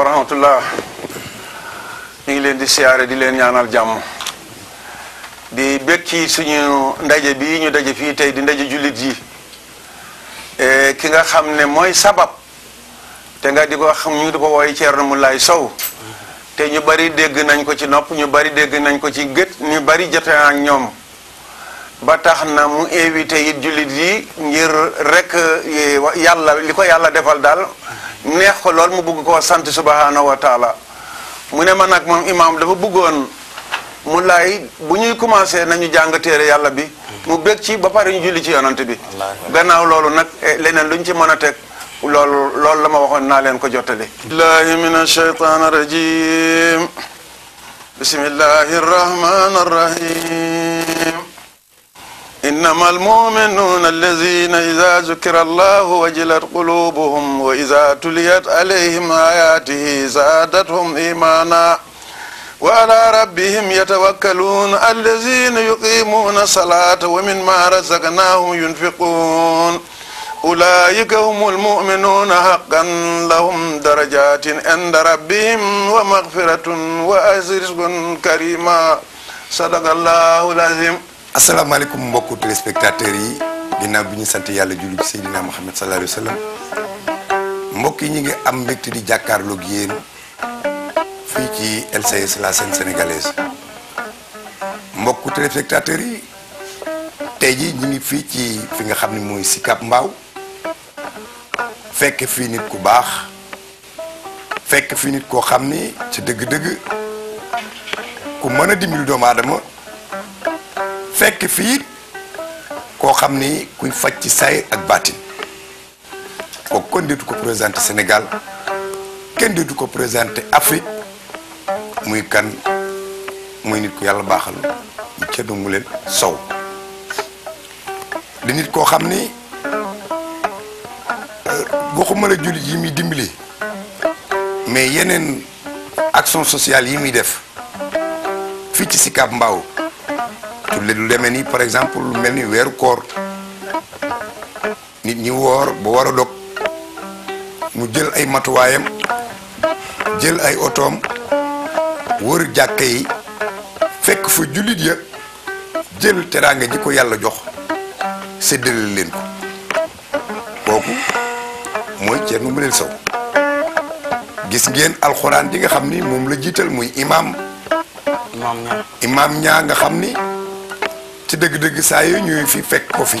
aleykum ñu ngi leen di siyaare di leen ñaanal jàmm di bég suñu ndaje bi ñu daje fii tey di ndaje jullit yi e, ki nga xam ne mooy sabab te nga di ko xam ñu di ko na Ceerno Mulaay Sow te ñu bari dégg nañ ko ci nopp ñu bari dégg nañ ko ci gët ñu bari jote ak ñoom ba tax na mu invité it jullit yi ngir rek e, yàlla li ko yàlla defal daal neex ko lool mu bugg ko sant subhanahu wa taala mu ne ma nag moom imaam dafa buggoon mu laay bu ñuy commencé nañu jàng téere yàlla bi mu bég ci ba pare ñu julli ci yonant bi gannaaw loolu nag eh, leneen lu ñu ci mën a teg loolu loolu la ma waxoon naa leen ko jottali billahi min ashaytan rajim bismillahi rahman rahim إنما المؤمنون الذين إذا ذكر الله وجلت قلوبهم وإذا تليت عليهم آياته زادتهم إيمانا وعلى ربهم يتوكلون الذين يقيمون الصلاة ومما رزقناهم ينفقون أولئك هم المؤمنون حقا لهم درجات عند ربهم ومغفرة وأجر كريما صدق الله العظيم asalaamaaleykum mbokku téléspectateurs yi ginnaaw bi ñu sant yàlla julli ci Seydina Muhammad sallallahu alayhi mbokk yi ñu ngi am mbégte di jàkkaarloog yéen fii ci LCS la scène sénégalaise mbokku téléspectateurs yi tey ji ñu ngi fii ci fi nga xam ne mooy Sicap Mbao fekk fii nit ku baax fekk fi nit koo xam ni ci dëgg-dëgg ku mën a dimbali doomu aadama fekk fii koo xam ni kuy faj ci saayir ak baatin kooku kon deetu ko présenté Sénégal kenn deetu ko présenté Afrique muy kan muy nit ku yàlla baaxal ñu ceddu mu leen sow di nit koo xam ni euh, waxuma la jullit yi muy dimbali mais yeneen action sociale yi muy def fii ci Sicap Mbao lu deme ni par exemple lu mel ni weeru koor nit ñi woor ba war dog mu jël ay matuwaayam jël ay otoom wër jàkka yi fekk fa jullit ya jël teraanga ji ko yàlla jox séddale leen ko kooku mooy Thierno Moulé Sow gis ngeen alxuraan di nga xam ni moom la jiital muy imaam imaam ñaa nga xam ni ci dëgg-dëgg saa yu ñuy fi fekk ko fi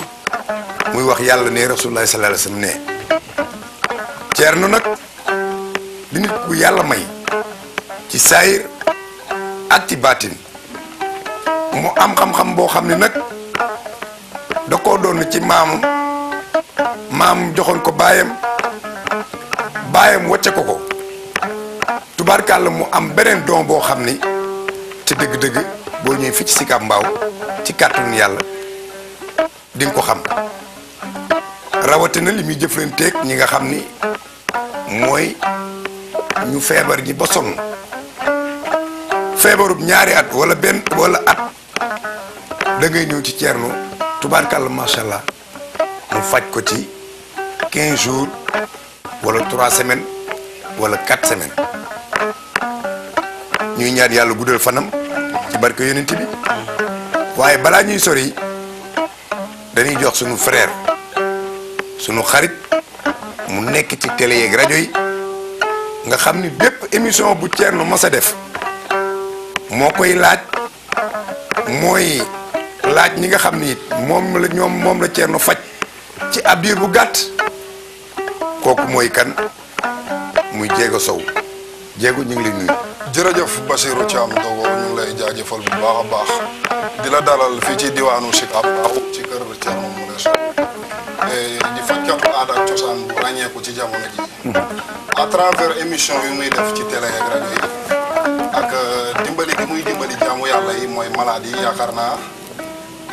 muy wax yàlla ne rasulullah sallallahu alayhi wasallam ne Ceerno nag di nit ku yàlla may ci saayir ak ci baatin mu am xam-xam boo xam ne nag da koo doon ci maamam maam joxoon ko baayam baayam wacce ko ko tubaarkàlla mu am beneen doom boo xam ni ci dëgg-dëgg boo ñëwee fii ci Sicap Mbao ci kàttanu yàlla di nga ko xam rawatina li muy jëflanteeg ñi nga xam ni mooy ñu feebar ji ba sonn feebarub ñaari at walla benn wala at da ngay ñëw ci Thierno tubaarkàlla macha allah mu faj ko ci 15 jours wala 3 semaines wala 4 semaines ñuy ñaan yàlla guddal fanam. ci barke yonent bi waaye balaa ñuy sori dañuy jox suñu frère suñu xarit mu nekk ci télé yeeg rajo yi nga xam ni bépp émission bu Thierno mës a def moo koy laaj mooy laaj ñi nga xam ni moom la ñoom moom la Thierno faj ci ab bu gàtt kooku mooy kan muy jéego sow jéego ñu ngi lay nuyu. jërëjëf Basirou Thiam Dogo ñu ngi lay jaajëfal bu baax a baax di la dalal fii ci diwaanu Sicap Mbao ci kër Thierno Moule Sow eh, di fajkatu aada ak cosaan bu ràññeeku ci jamono ji à émission yu muy def ci télé ak rajo eh, dimbali gi muy dimbali jaamu yàlla yi mooy malade yi yaakaar naa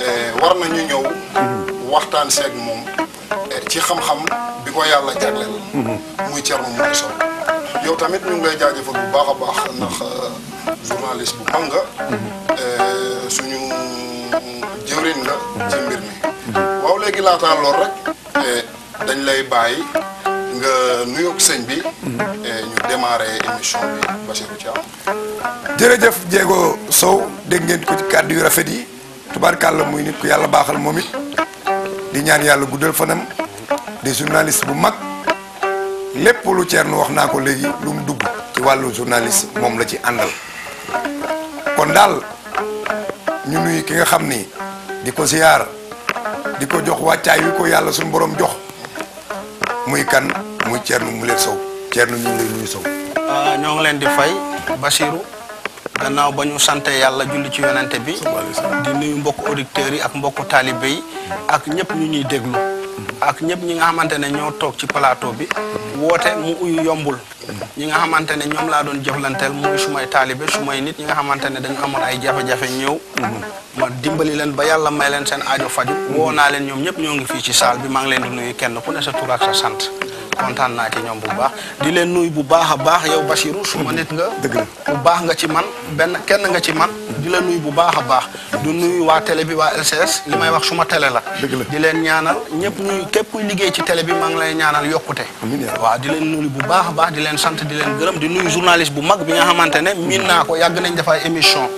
eh, war nañu ñëw waxtaan seeg moom ci xam-xam bi ko yàlla jagleel mm-hmm. muy Thierno Moule Sow yow tamit ñu ngi lay jaajëfal bu baax a baax ndax euh, journaliste bu mag nga. Euh, suñu jëwriñ la ci mbir mi. waaw léegi laataa lool rek. Euh, dañ lay bàyyi nga nuyoog sëñ bi. ñu démare émission bi Bachirou Thiam. jërëjëf Diego Sow dégg ngeen ko ci kàddu yu rafet yi tubaarkàlla muy nit ku yàlla baaxal moom it di ñaan yàlla guddal fanam di journaliste bu mag. lepp lu Thierno wax nako ko lu mu dugg ci walu journaliste mom la ci andal kon dal ñu nuy ki nga xamni diko di diko di jox waccay wi ko yalla sun borom jox muy kan muy mu leer Sow Thierno ñu ngi lay nuyu Sow. ah ñong leen di fay bashiru gannaaw bañu santé yalla julli ci yonenté bi di nuyu mbokk auditeur yi ak mbokk talibé yi ak ñepp ñu ñuy déglu. ak ñëpp ñi nga xamante ne ñoo toog ci palaato bi woote mu uyu yombul ñi nga xamante ne ñoom laa doon jëflanteel muy sumay taalibe sumay nit ñi nga xamante ne dañu amoon ay jafe-jafe ñëw ma dimbali leen ba yàlla may leen seen ajo faju woo naa leen ñoom ñëpp ñoo ngi fii ci salle bi maa ngi leen di nuyu kenn ku ne sa tur ak sa sant kontan na ci ñom bu baax di leen nuy bu baax baax yow bashiru suma nit nga bu baax nga ci man ben kenn nga ci man di la nuy bu baax baax du nuy wa télé bi wa LCS limay wax suma télé la di leen ñaanal ñepp ñuy kep kuy liggéey ci télé bi ma ngi lay ñaanal yokkute ya wa di leen nuy bu baax baax di leen sante di leen di nuy journaliste bu mag bi nga xamantene min na ko yag nañ dafa émission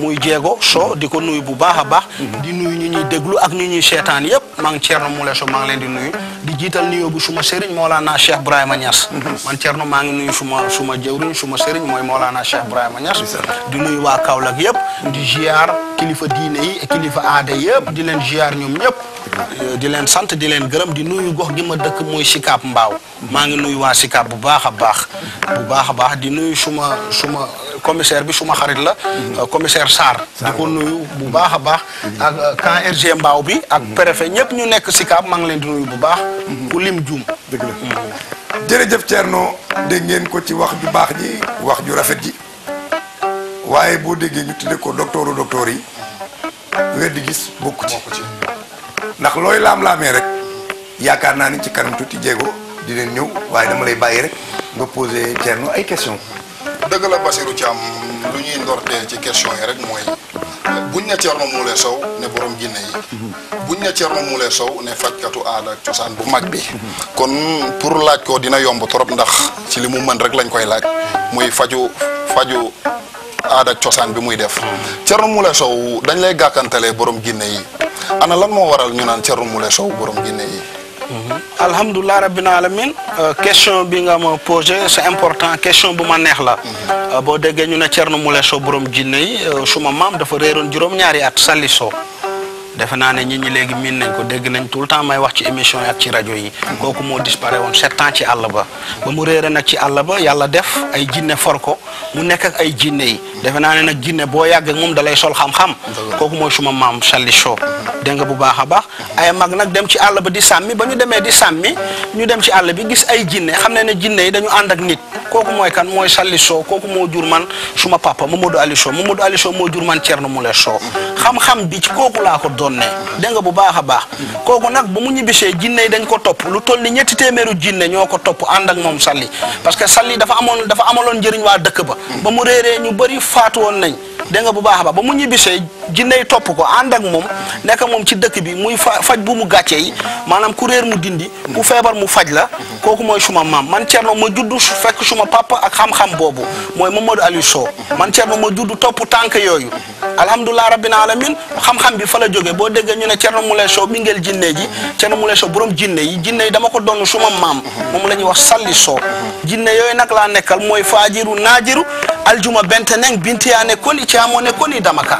muy djégo so di ko nuy bu baax baax mhm. di nuy ñi ñi déglu ak ñi ñi sétane yépp ma ngi cierno mu So ma ngi leen di nuy di jital bu suma serigne Mawlana Cheikh Ibrahima Niass man Thierno maa ngi nuyu suma suma jëwriñ suma sëriñ mooy Mawlana Cheikh Ibrahima Niass di nuyu waa Kaolack yëpp di ziar kilifa diine yi kilifa aada yëpp di leen ziar ñoom ñëpp euh, di leen sant di leen gërëm di nuyu gox gi ma dëkk mooy Sicap mbaaw maa ngi nuyu waa Sicap bu baax a baax bu di nuyu suma suma commissaire bi suma xarit la mhm. euh, commissaire sar di ko nuyu bu baakha baax ak euh, ka RG Mbaaw bi ak mhm. préfet ñep ñu nekk Sicap maa ngi leen di nuyu bu baax mhm. ku lim juum deug la jërëjëf cierno de ngeen ko ci wax ju baax ji wax ju rafet ji waye bo déggee ñu tudde ko docteuru docteur yi weddi gis bokku ci ndax loy lam lamé rek yaakar ci karam tuti di leen ñew waye dama lay bàyyi rek nga poser cierno ay questions dëgg la Basirou Thiam lu ñuy ndorteel ci question yi rek mooy buñ ne Thierno Moule Sow ne borom jinne yi buñ ne Thierno Moule Sow ne fajkatu aada cosaan bu mag bi kon pour laaj ko dina yomb trop ndax ci li mu mën rek lañ koy laaj muy faju faju aada ak cosaan bi muy def Thierno Moule Sow dañ lay gàkkantalee borom ginne yi ana lan moo waral ñu naan Thierno Moule Sow borom ginne yi Mhm. alhamdulilah rabbil alamin euh, question bi nga ma posé c'est important question bu ma neex la euh, Bo déggee ñu ne Thierno Moule Sow borom jinne yi euh, suma de dafa réeroon juróom-ñaari at Saliso defe naa ne nit ñi léegi miin nañ ko dégg nañ tout le temps may wax ci émission yi ak ci rajo yi kooku moo disparaît woon sept ans ci àll ba ba mu réere nag ci àll ba yàlla def ay jinne for ko mu nekk ay jinne yi defe naa ne nag jinne boo yàggee moom dalay sol xam-xam kooku mooy suma maam Sali Sow dégg nga bu baax a baax ay mag nag dem ci àll ba di sàmmi ba ñu demee di sàmmi ñu dem ci àll bi gis ay jinne xam ne ne jinne yi ànd ak nit kooku mooy kan mooy Sali Sow kooku moo jur man suma papa Mamadou Ali Sow Mamadou Ali Sow moo jur man Thierno Moule Sow xam-xam doon ne dégg nga bu baax a baax kooku nag ba mu ñibbisee jinne dañ ko topp lu toll ni ñetti téeméeru jinne ñoo ko topp ànd ak moom salli parce que salli dafa amoon dafa amaloon njëriñ waa dëkk ba ba mu réeree ñu bëri faatu woon nañ dégg nga bu baax ba ba mu ñibbisee jinney topp ko ànd ak moom nekk moom ci dëkk bi muy fa faj bu mu gàccee yi maanaam ku réer mu dindi ku feebar mu faj la kooku mooy suma maam man Thierno ma juddu fekk suma papa ak xam-xam boobu mooy Mamadou Aliou Sow man Thierno ma juddu topp tànk yooyu alhamdulilah rabbil alamin xam-xam bi fa la joge boo deggee ñu ne Thierno Moule Sow mi ngeel jinne ji Thierno Moule Sow borom jinne yi jinne dama ko doon suma maam moom la ñuy wax salli soo jinne yooyu nag laa nekkal mooy faajiru naajiru aljuma bente neng bintiyaane koli yaa moo nekkoon Ida Makka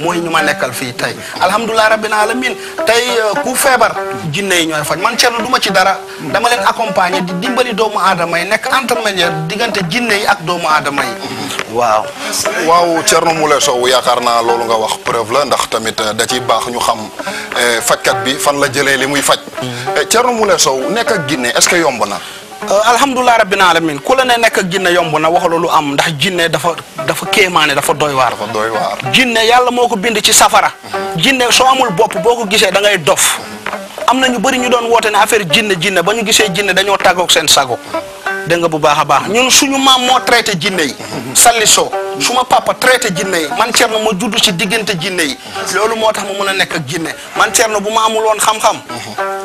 mooy ñu ma nekkal fii tey alhamdulilah rabbil alamin tey euh, ku feebar jinne yi ñooy faj man Thierno duma ci dara dama leen accompagner di dimbali doomu aadama yi nekk intermédiaire diggante jinne ak doomu aadama yi waaw. waaw Thierno Sow yaakaar naa loolu nga wax preuve la ndax tamit euh, da ci baax ñu xam euh, fajkat bi fan la jëlee li muy faj. Mm. Eh, Thierno Moule Sow nekk ak jinne est-ce que yomb na. Euh, alhamdulilah rabbil alamin ku la ne nekk ak jinne yomb na waxala lu am ndax jinne dafa dafa kéemaane dafa doy waar dafa doy waar jinne yàlla moo ko bind ci safara mhm. jinne soo amul bopp boo ko gisee da ngay dof am na ñu bëri ñu doon woote ne affaire jinne jinne ba ñu gisee jinne dañoo tàggoog seen sago dégg nga bu baax a baax ñun suñu maam moo traité jinne yi mhm. sallisoo suma papa traité jinne yi man Thierno ma judd ci diggante jinne yi mhm. loolu moo tax ma mun a nekk ak jinne man Thierno bu ma amul woon xam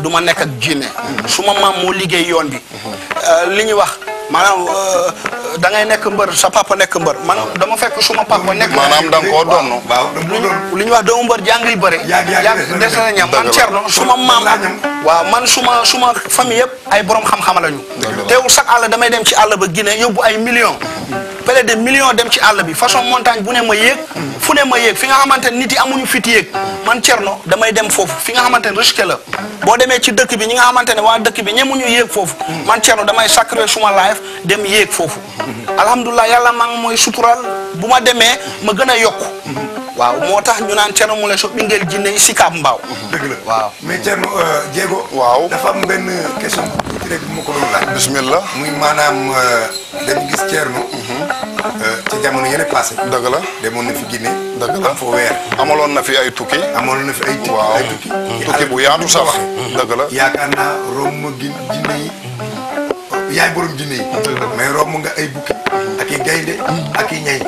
du ma nekk ak jinne suma maam moo liggéey yoon bi Euh, li ñuy wax maanaam euh, euh, da ngay nekk mbër sa papa nekk mbër man ah. dama fekk suma papa nekk. maanaam da nga koo doon waaw li ñuy wax doomu mbër jàngil bëre. jàng des na ñam man Thierno suma maam. waaw man suma suma famille yëpp ay borom xam-xam lañu. teewul sax àll damay dem ci àll ba gine yóbbu ay millions. pele de million dem ci àll bi façon mm. montagne bu ne ma yéeg fu ne ma yéeg fi nga xamante ne nit yi amuñu fit yéeg man no damay dem foofu fi nga xamante ne risque la boo demee ci dëkk bi ñi nga xamante ne waa dëkk bi ñemuñu yéeg foofu mm. man Thierno damay sacré suma life dem yéeg foofu mm-hmm. alhamdulilah yàlla maa ngi mooy sutural bu ma demee ma gën a yokku mm-hmm. waaw moo tax ñu naan Thierno Moule Sow Bingel jinne yi si Kaab Mbaaw mm-hmm. dëgg la waaw mais Thierno euh, Diego waaw dafa am benn question tuuti rek bu ma bismillah muy maanaam dañu gis Thierno. ci jamono yële passé. dëgg la demoon na fi Guinée. dëgg la am weer. amaloon na fi ay tukki. amaloon na fi ay tukki ay tukki. bu yaatu sax dëgg la. yaakaar naa romb gi Guinée yi. yaay borom Guinée yi. mais romb nga ay bukki. ak i gaynde ak i ñay.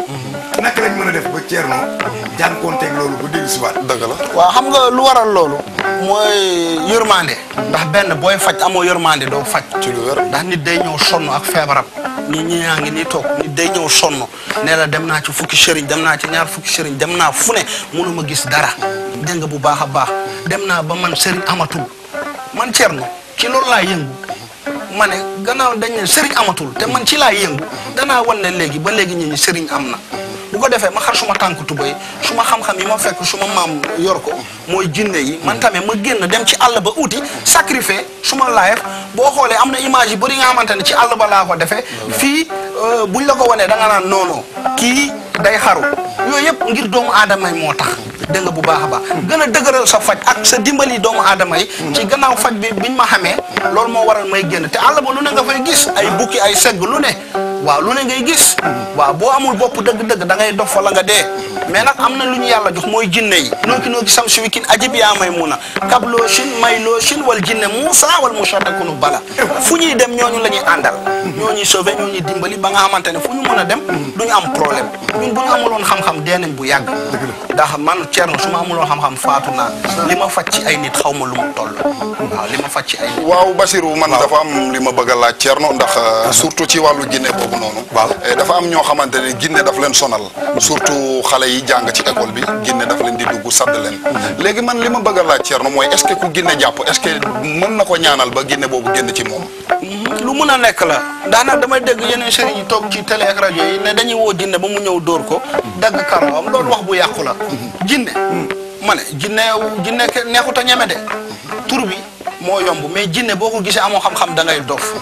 naka a def ba Thierno loolu bu déglu si waat. dëgg la xam nga lu waral loolu. mooy yërmande. ndax benn booy faj amoo yërmande doo faj. ci lu wér ndax nit day ñëw sonn ak feebaram. ñi ñaa ngi nii toog day ñëw sonn nee dem naa ci fukki sëriñ dem naa ci ñaar fukki sëriñ dem naa fu ne mënuma gis dara. dégg nga bu baax a baax dem naa ba man sëriñ amatul man Thierno ci loolu laa gannaaw dañ amatul te man ci laa yëngu danaa wan ne léegi ba léegi ñu ñi sëriñ am na bu ko defee ma xar suma tànk tubay suma xam-xam yi ma fekk suma mam yor ko moy jinne yi man tamé ma genn dem ci Allah ba outi sacrifier suma life bo xolé am image bu ri nga xamante ci Allah ba la ko defé fi euh, buñ la ko woné da nga nan nono ki day xaru yooyu yëpp ngir doomu adamay motax de nga bu baakha a gëna dëgeural a sa fajj ak sa dimbali doomu adamay ci gënaaw fajj bi biñ ma xamé lool mo waral may genn te Allah ba lu ne nga fay gis ay bukki ay segg lu ne waaw lu ne ngay gis waaw boo amul bopp dëgg-dëgg da ngay dox fa la nga dee mais nag am na lu ñu yàlla jox mooy jinne yi nooki nooki sam suwi kin ajib yaa may mun a kabloo shin mayloo shin wal jinne muusa wal nu bala fu ñuy dem ñoo la ñuy àndal ñooñuy sauvé ñooñuy dimbali ba nga xamante ne fu ñu mën a dem duñu am problème ñun bu amuloon xam-xam dee nañ bu yàgg ndax man Thierno su ma amuloo xam-xam faatu naa li ma faj ci ay nit xaw ma lu mu toll. waaw ma faj ci ay nit. waaw Basirou man dafa am li ma bëgg a laaj Thierno ndax euh, ah. surtout ci wàllu Guinée boobu noonu. waaw eh, dafa am ñoo xamante ne Guinée daf leen sonal. Hmm. surtout xale yi jàng ci école bi Guinée daf leen di dugg sadd leen. Hmm. léegi man li ma bëgg a laaj Thierno mooy est-ce ku Guinée jàpp est-ce mën na ko ñaanal ba Guinée boobu génn ci moom. Hmm. lu mën a nekk la daanaka damay dégg yeneen sëriñ yi toog ci télé ak radio yi ne dañuy woo jinne ba mu ñëw dóor ko dagg karawam loolu wax bu yàqu la jinne ma ne jinne jinne neexut a ñeme de tur bi moo yomb mais jinne boo ko gisee amoo xam-xam da ngay dof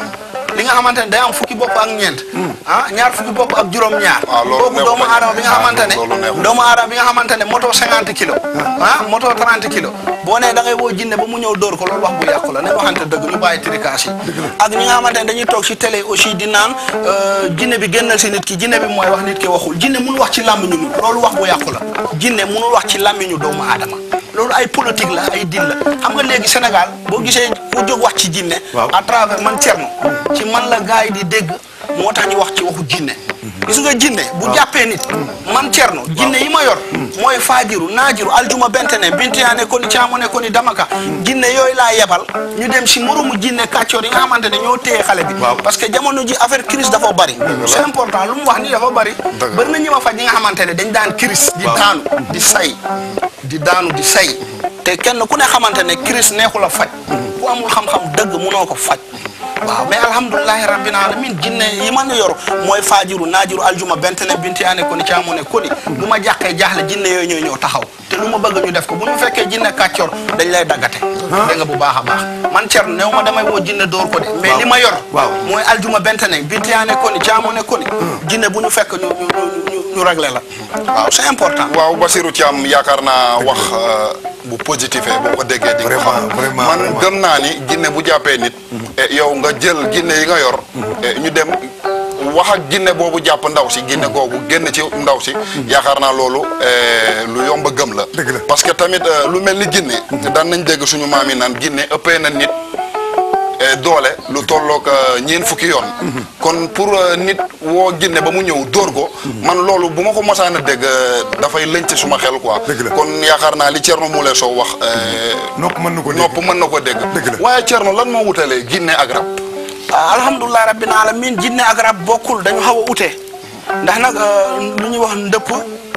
li nga xamante ne day am fukki bopp ak ñeent ah ñaar fukki bopp ak juróom-ñaar kooku ah, doomu aadama bi nga ah, xamante ne doomu aadama bi nga xamante ne moto cinquante kilos ah. ah moto trente kilos boo nee da ngay woo jinne ba mu ñëw dóor ko loolu wax bu yàqu la ne waxante dëgg ñu bàyyi tricage yi ak ñi nga xamante ne toog si télé aussi di naan euh, jinne bi génnal si nit ki jinne bi mooy wax nit ki waxul jinne mënul wax ci làmmiñu nit loolu wax bu yàqu la jinne mënul wax ci làmmiñu doomu aadama loolu ay politique la ay din la xam nga léegi Sénégal boo gisee ku jóg wax ci jinne a travers man Thierno mm. ci man la gars yi di dégg moo tax ñu wax ci waxu jinne gis nga jinne bu jàppee nit man cerno jinne yi ma yor mooy faajiru naajiru aljuma bentene bintiyaane ko ni caamone ko ni damaka jinne yooyu laa yebal ñu dem si moromu jinne kàccoor yi nga xamante ne ñoo téye xale bi parce que jamono ji affaire crise dafa bari c'est important lu mu wax ni dafa bari bari na ñi ma faj ñi nga xamante ne dañ daan crise di daanu di say di daanu di say mhm. te kenn ku ne xamante ne crise neexul a faj ku amul xam-xam dëgg munoo ko faj waaw mais alhamdulillahi rabbil alamin jinne yi man na yor mooy faajiru naajiru aljuma bentene binti ane koni caamune koni bu ma jàqee jaaxle jinne yooyu ñooy ñëw taxaw te lu ma bëgg ñu def ko bu ñu fekkee jinne kàccoor dañ lay daggate bu baax a baax man cer new ma damay woo jinne door ko de mais li ma yor waaw mooy aljuma bentene binti ane koni caamune koni jinne bu ñu fekk ñu ñu réglé la waaw c'est important waaw Basirou Thiam yaakaar naa wax euh, bu positif boo ko déggee di vraiment man gëm naa ni jinne bu jàppee nit mhm. Eh, yow nga jël ginne yi nga yor eh, ñu dem wax ak ginne boobu jàpp ndaw si ginne googu génn ci ndaw si yaakaar naa loolu eh, lu yomb a gëm la parce que tamit lu mel ni ginne daan nañ dégg suñu maam yi naan ginne ëppee na nit Eh, doole lu tolloog eh, ñeen fukki yoon kon pour eh, nit woo ginne ba mu ñëw dóor ko man loolu bu ma ko mosaan a dégg dafay lëñc suma xel quoi kon yaakaar naa li Thierno Moule Sow wax nopp mën na ko nopp mën na ko dégg waaye Thierno lan moo wutalee jinne ak rab ah, alhamdulilah rabbil alamin jinne ak bokkul dañu xaw a ute ndax nag euh, lu ñuy wax ndëpp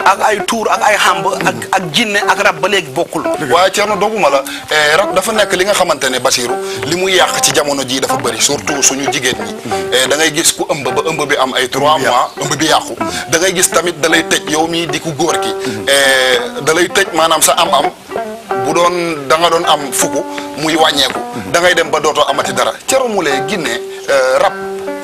ak ay tuur ak ay xàmb ak ak ak rab ba léegi bokkul waaye Thierno doguma la eh, rab dafa nekk li nga xamante ne Basiru li muy yàq ci jamono jii dafa bëri surtout suñu jigéen ñi mm-hmm. eh, da gis ku ëmb ba ëmb bi am ay trois mois ëmb bi yàqu mm-hmm. da ngay gis tamit da lay tëj yow mii di ku góor ki mm-hmm. eh, da lay tëj maanaam sa am am bu doon danga doon am fukk muy wàññeeku da ngay dem ba dootoo amati dara mu lay Guinée rab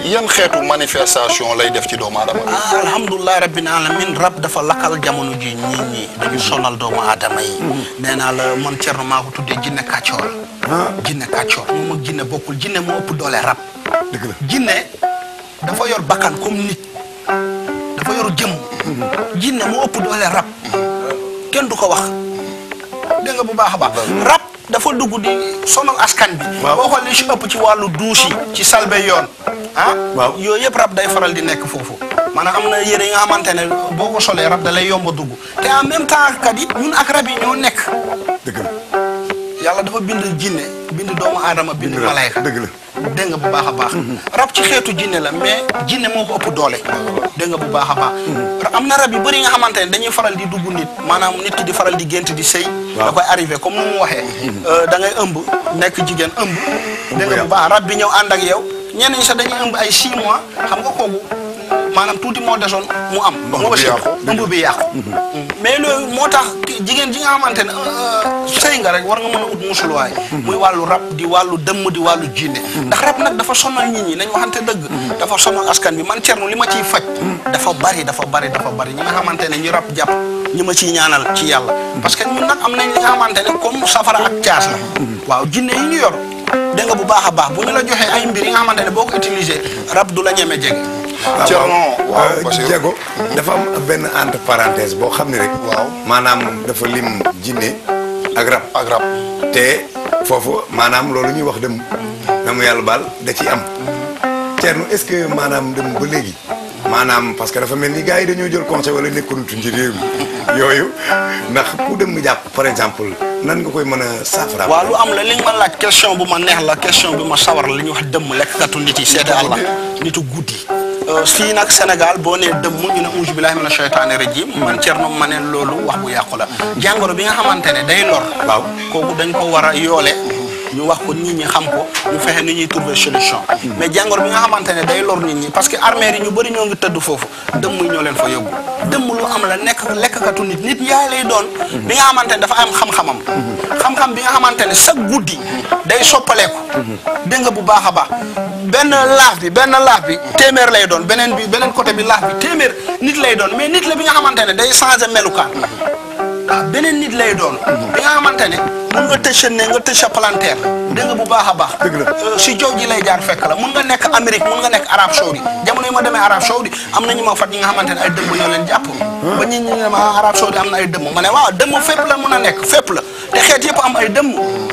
yan xeetu manifestation lay def ci doomu aadama ah alhamdulilah rabbil alamin rab dafa lakkal jamono ji ñii ñi dañu sonal doomu aadama yi hmm. nee naa la man Thierno maa ko tuddee jinne kàccoor ah. jinne kàccoor moom ak jinne bokkul jinne moo ëpp doole rab dëgg la jinne dafa yor bakkan comme nit dafa yor jëmm hmm. jinne moo ëpp doole rab hmm. kenn du ko wax dégg nga bu baax a baax rab dafa dugg di sonal askan bi boo xool si ëpp ci wàllu douche yi ci salbe yoon ah yooyu yëpp rab day faral di nekk foofu maanaam am na yére yi nga xamante ne boo ko solee rab da lay yomb a dugg te en même temps kat yi ñun ak yi ñoo nekk yàlla dafa bind jinne bind doomu aadama bind malayka dëgg la dégg nga bu baax a baax mm-hmm. rab ci xeetu jinne la mais jinne moo ko ëpp doole dégg nga bu baax a baax mm-hmm. am na rab yu bëri nga xamante ne dañuy faral di dugg nit maanaam nit ki di faral di gént di sëy da koy arrivé comme nu mu waxee mm-hmm. euh, da ngay ëmb nekk jigéen ëmb dégg nga bu baax rab bi ñëw ànd ak yow ñenn ñi sax dañuy ëmb ay six mois xam nga kooku maanaam tuuti moo desoon mu am. moo si ëmb bi yàqu mm-hmm. Mm-hmm. mais loolu moo tax jigéen ji nga xamante ne euh, sëy nga rek war nga mën a ut musuluwaay. Mm-hmm. muy wàllu rab di wàllu dëmm di wàllu jinne ndax rab nag dafa sonal nit ñi nañ waxante dëgg. dafa sonal askan bi man Thierno li ma ciy faj. dafa bari dafa bari dafa bari ñi nga xamante ne ñu rab jàpp ñi ma ciy ñaanal ci yàlla. parce que ñun nag am nañ li nga xamante ne comme safara ak caas la. waaw jinne yi ñu yor dégg nga bu baax a baax bu ñu la joxee ay mbir yi nga ne boo ko rab du la Ah, Thierno euh, Diego dafa am benn entre parenthèse boo xam ne rek. waaw maanaam dafa lim jinne ak rab ak rab te foofu maanaam loolu ñuy wax dem na mu yàlla baal da ci am. Thierno est-ce que maanaam dem ba léegi. maanaam parce que dafa mel ni gars yi dañoo jël conseil wala nekkonutu ci réew mi yooyu ndax ku dem mu jàpp par exemple nan nga koy mën a saafara. waaw lu am la li ma laaj question bu ma neex la question bu ma sawar la li ñuy wax dëmm lekkatu nit yi seede Allah nitu guddi. Euh, fii nag Sénégal boo nee dëmm ñu ne uju billahi mina shaytaani rajim man Thierno ma ne loolu wax bu yàqu la jàngoro bi nga xamante ne day lor waaw kooku dañ ko war a yoole ñu wax ko nit ñi xam ko ñu fexe ni ñuy trouver solution mais jàngoro bi nga xamante ne day lor nit ñi parce que armée yi ñu bëri ñoo ngi tëdd foofu dëmm ñoo leen fa yóbbu dëmm lu am la nekk lekkatu nit nit yaay lay doon bi nga xamante ne dafa am xam-xamam xam-xam bi nga xamante ne chaque guddi day soppaleeku dégg nga bu baax a baax benn laax bi benn laax bi téeméer lay doon beneen bi beneen côté bi laaf bi téeméer nit lay doon mais nit la bi nga xamante ne day changer melukaan ah beneen nit lay doon. bi nga xamante ne mun nga tëj sa ne nga tëj palanteer. dégg bu baax a baax. Euh, si jaww ji lay jaar fekk la mun nga nekk Amérique mun nga nekk Arab Saoudi jamono yi ma demee Arab Saoudi am nañu ma fat ñi nga xamante ne ay dëmm ñoo leen jàpp. ba ñi ñu ne ma ah, Arab Saoudi am na ay dëmm ma ne waaw dëmm fépp la mun a nekk fépp la te xeet yëpp am ay dëmm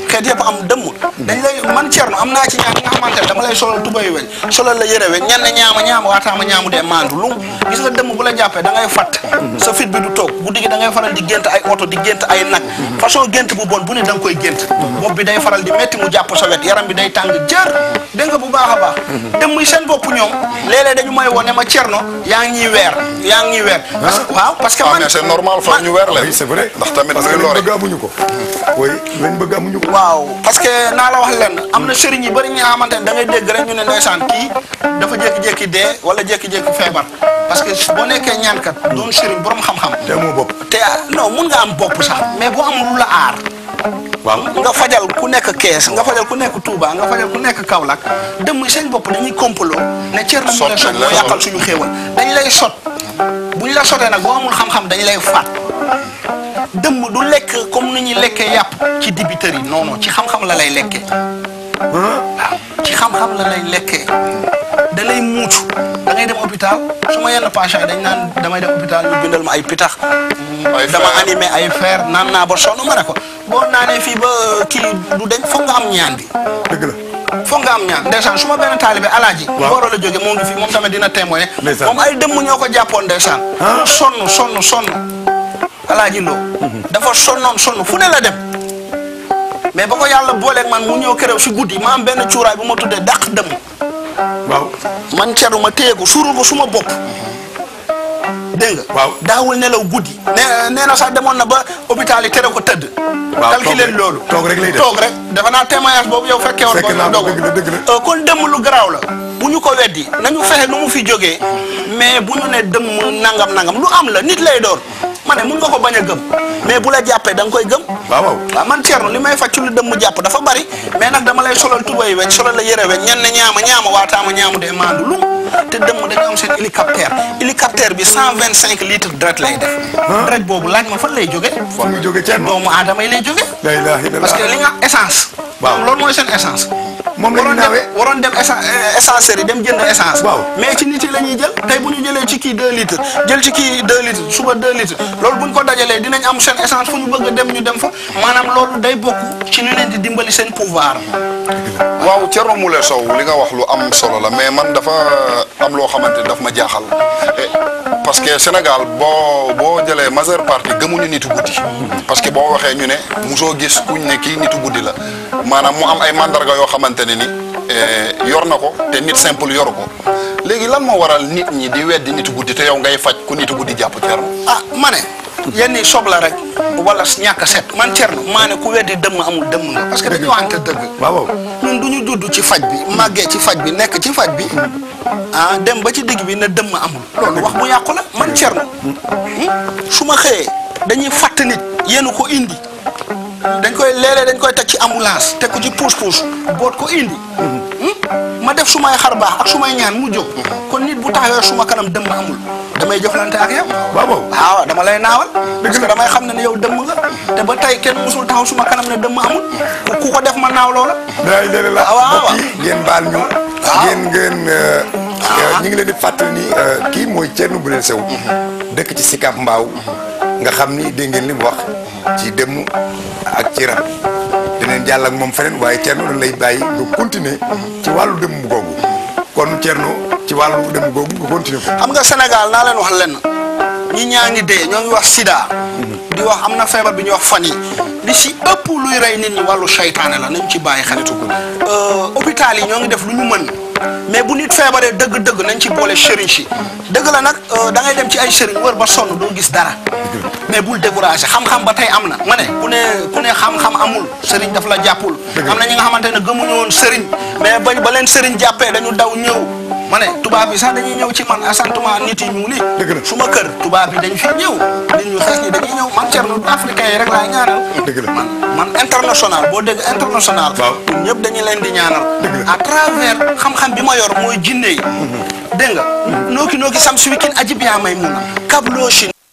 xeet yëpp am dëmm dañ lay man Thierno am naa ci ñaar nga xamante ne dama lay solal tubay weñ solal la yére weñ ñenn ñaama ñaama waataama ñaamu dee maandu lu gis nga dëmm bu la jàppee da ngay sa fit bi du toog guddi gi da ngay faral di gént ay oto di gént ay nag façon gént bu bon bu ne da koy gént bopp bi day faral di métti mu jàpp sa yaram bi day tàng jër dégg bu baax a baax dëmm yi seen bopp ñoom léeg-léeg dañu may wone ma Thierno yaa ngi ñuy weer yaa ngi weer waaw ah, ko oui lañ la wax lenn am na sëriñ yu bëri ñi nga xamante ne da ngay dégg rek ñu ne ndeysaan kii dafa jékki-jékki dee wala jékki-jékki feebar parce que boo nekkee ñaankat doon sëriñ borom xam-xam. te amoo bopp te non mun nga am bopp sax mais boo amul lu la aar. waaw nga fajal ku nekk Kees nga fajal ku nekk Touba nga fajal ku nekk Kaolack dem seen bopp dañuy kompaloo ne ceer bu la sot moo yàqal suñu xéewal dañ lay sot bu ñu la sotee nag boo amul xam-xam dañu lay faat dëmm du lekk comme nu ñuy lekkee yàpp ci dibiteri yi non ci xam-xam la lay lekkee waaw ci xam-xam la lay lekkee da lay muucu da ngay dem hôpital su ma yenn patient dañ naan damay dem hôpital ñu bindal ma ay pitax. dama animé ay fer naan naa ba sonn ma ne ko boo naanee fii ba euh, kii lu deñ foog nga am ñaan bi. dëgg la. foog nga am ñaan ndeysaan su ma benn taalibe alaaji a la jóge moo ngi fi moom tamit dina témoigner moom ay dëmm ñoo ko jàppoon ndeysaan ah. sonn sonn sonn alaaji loo mhm. dafa sonnoon sonn fu ne la dem mais ba ko yàlla booleeg man mu ñëw këram si guddi ma am benn cuuraay bu ma tuddee dàq dëmm waaw man Thierno ma téye ko suurul ko suma bopp. dégg nga. waaw daawul nelaw guddi. nee nee na sax demoon na ba hôpital yi tere ko tëdd. waaw calculer loolu. toog rek lay def rek dafa naa témoignage boobu yow fekkee woon. fekk naa dëgg euh, kon dem lu garaaw la. bu ñu ko weddi nañu fexe nu mu fi jógee. Hmm. mais bu ñu ne dëmm nangam nangam lu am la nit lay door. ma ne mun nga ko bañ a gëm mais bu la jàppee da nga koy gëm waaw waaw man Thierno li may faccu lu dëmm jàpp dafa bari mais nag dama lay solal tubay weñ solal la yëre weñ ñenn ñaama ñaama waataama ñaamu de maandu lu te dëmm dañu am seen hélicoptère hélicoptère bi cent vingt cinq litres dret lay def dret boobu laaj ma fan lay jóge fan lay jóge Thierno doomu aadama yi lay jóge parce que li nga essence waaw loolu mooy seen essence moom la ñu waroon dem essence yi euh, dem jënd essence. waaw mais ci nit yi ñuy jël tey bu ñu jëlee ci kii 2 litres jël ci kii 2 litres suba loolu bu ñu ko dajalee dinañ am seen essence fu ñu bëgg a dem fa maanaam loolu day bokk ci ñu leen di dimbali seen waaw Thierno Moule Sow li nga wax lu am solo la mais man dafa euh, am loo xamante daf ma jaaxal eh, parce que Sénégal boo boo jëlee majeure partie gëmuñu nitu guddi parce que boo waxee ñu ne mosoo gis kuñ ne kii nitu guddi la maanaam mu am ay mandarga yoo xamante ne ne ni eh, yor na ko te nit simple yoru ko léegi lan moo waral nit ñi di weddi nitu guddi te yow ngay faj ku nit guddi jàpp Thierno. ah ma ne. yenn yi la rek. wala ñàkk a set. man Thierno maa ne ku weddi dëmm amul dëmm na parce que dañu wante dëgg. waaw ñun du ñu judd ci faj bi màggee ci faj bi nekk ci faj bi ah dem ba ci digg bi ne dëmm amul. wax bu yàqu la man na hmm? su ma xëyee dañuy fàtt nit yéen ko indi. dañ koy leere dañ koy teg ci ambulance teg ko ci puus puus boot ko indi. Hmm? ma def su may xar baax ak sumay ñaan mu jóg. kon nit bu taxawee suma kanam dëmm amul. damay jëflante ak yow. waaw waaw dama lay naawal. parce que damay xam ne ne yow dëmm nga. te ba tey kenn musul taxaw suma kanam ne dëmm amul. ku ko def ma naaw loola. day dëgg la ah, waaw ngeen baal ñu. waaw ah. ngeen ngeen. Euh, ah. euh, ñu ngi leen di fàttali ni euh, kii mooy bu Bouleye sew dëkk ci Sicap Mbao mm-hmm. nga xam ni dégg ngeen li mu wax ci dem ak ci ram deneen jàll ak moom feneen waaye Thierno dañ lay bàyyi nga continuer ci wàllu dem googu kon Thierno ci wàllu dem googu nga continuer xam nga Sénégal naa leen wax lenn ñi ñaa ngi dee ñoo ngi wax Sida. di am na feebar bi ñuy wax fan yi li si ëpp luy rey nit ñi wàllu seytaane la nañ ci bàyyi xaritu euh, ko hôpital yi ñoo ngi def lu ñu mën mais bu nit feebaree dëgg-dëgg nañ ci boole sëriñ si dëgg la nag euh, dangay dem ci ay sëriñ war ba sonn doo gis dara mais bul découragé xam-xam ba tey am na ma ne ku ne ku ne xam-xam amul sëriñ daf la jàppul am na ñi nga xamante ne gëmuñu woon sëriñ mais ba ba leen sëriñ jàppee dañu daw ñëw ma ne tubaab bi sax dañuy ñëw ci man asantuma nit yi ñuul yi. dëgg la su ma kër tubaab bi dañ fi ñëw. nit ñu xees man Thierno africain yi rek laay ñaanal. dëgg la man international boo dégg international. waaw ñëpp dañu leen di ñaanal. à travers xam-xam bi ma yor mooy jinne yi. Mm-hmm. dégg nga. Mm-hmm. nooki nooki sam suwi kin ajib yaa may mun. kabloo Chine.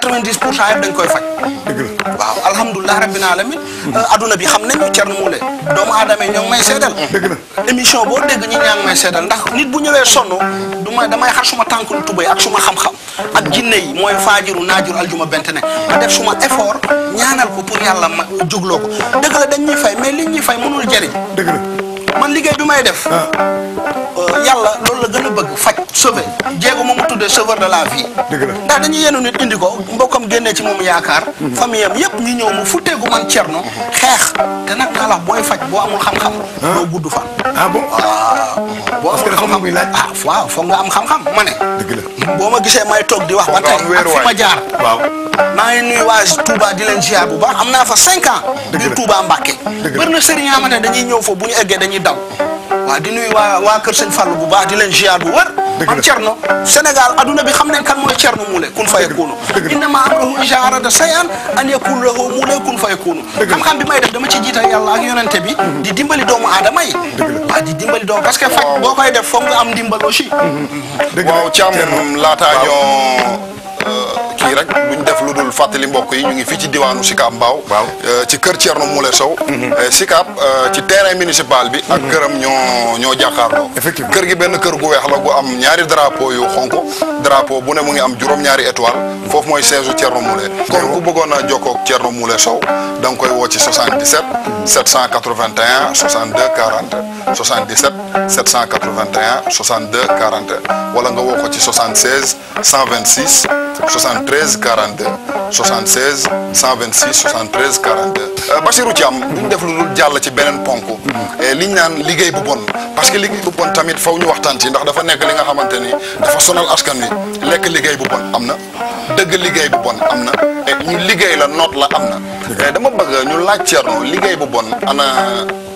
90 pour cent yëpp dañ koy faj. dëgg la waaw alhamdulilah rabbil alamin. Euh, aduna bi xam nañu Thierno Moule. doomu aadama yi ñoo ngi may seedal. dëgg boo dégg ñi ñaa ngi may seedal ndax nit bu ñëwee sonn du ma damay xar suma tànkul tubéy ak suma xam-xam ak jinne yi mooy faajiru naajiru aljuma bente ne ma def suma effort ñaanal ko pour yàlla ma jugloo ko dëgg la dañ fay mais li ñuy fay mënul jëriñ. dëgg la. man liggéey bi may def. Ah. Euh, yàlla loolu la gën a bëgg faj sauver jéego moom mu tuddee sauveur de la vie. dëgg la ndax dañu yenu nit indi ko mbokkam génnee ci moom yaakaar. Hmm. famille am yëpp ñu ñëw mu futteeku man cerno hmm. xeex te nag daal booy faj boo amul xam-xam. Ah. doo gudd fan. ah bon waaw. Ah. boo amul xam-xam parce que dafa foog nga am xam-xam ma ne. dëgg la. boo ma gisee may toog di wax ba tey ak fi ma jaar waaw maa ngi nuyu waa Touba di leen ziar bu baax am naa fa cinq ans biir Touba Mbàkke bëri na sëriñ yoo xamante ne dañuy ñëw foofu bu ñu eggee dañuy daw waaw di nuyu waa Kër Sëñ Fallou bu baax di leen ziar bu wër. am Thierno Sénégal adduna bi xam nañ kan mooy Thierno Moule kun fa yakunu. innama amruhu iza arada shay'an an yakula lahu Moule kun fa yakunu. xam-xam bi may def dama ci jiital yàlla ak yonente bi. Mhm. di dimbali doomu aadama yi. ah di dimbali doomu parce que faj boo koy def foog nga am dimbal aussi. Mhm. Mhm. dëgg la waaw Thiam laataa ñoo. nii rek buñ def luddul dul mbokk yi ñu ngi fi ci diwaanu Sicap Mbao eh, ci keur Thierno Moule saw mhm. eh, Sicap eh, ci terrain municipal bi ak mhm. kërëm ñoo ñoo jàkkaarloo kër gi benn kër gu weex la gu am ñaari drapeau yu xonko drapeau bu ne mu ngi am juróom-ñaari étoile fofu moy siège u Thierno Moule kon ku bëggoon a jokkoo ak Thierno Moule koy wo ci 77 781 62 40 77 781 62 40 wala nga wo ko ci 76 126 73 113 42 76 126 73 42. Bachirou Thiam duñ def lu jàll ci beneen ponk. ñu naan liggéey bu bon parce que liggéey bu bon tamit faw ñu waxtaan ci ndax dafa nekk li nga xamante ni dafa sonal askan wi lekk liggéey bu bon am na dëgg liggéey bu bon am na ñu liggéey la noot la am na. dama bëgg ñu laaj Thierno liggéey bu bon ana.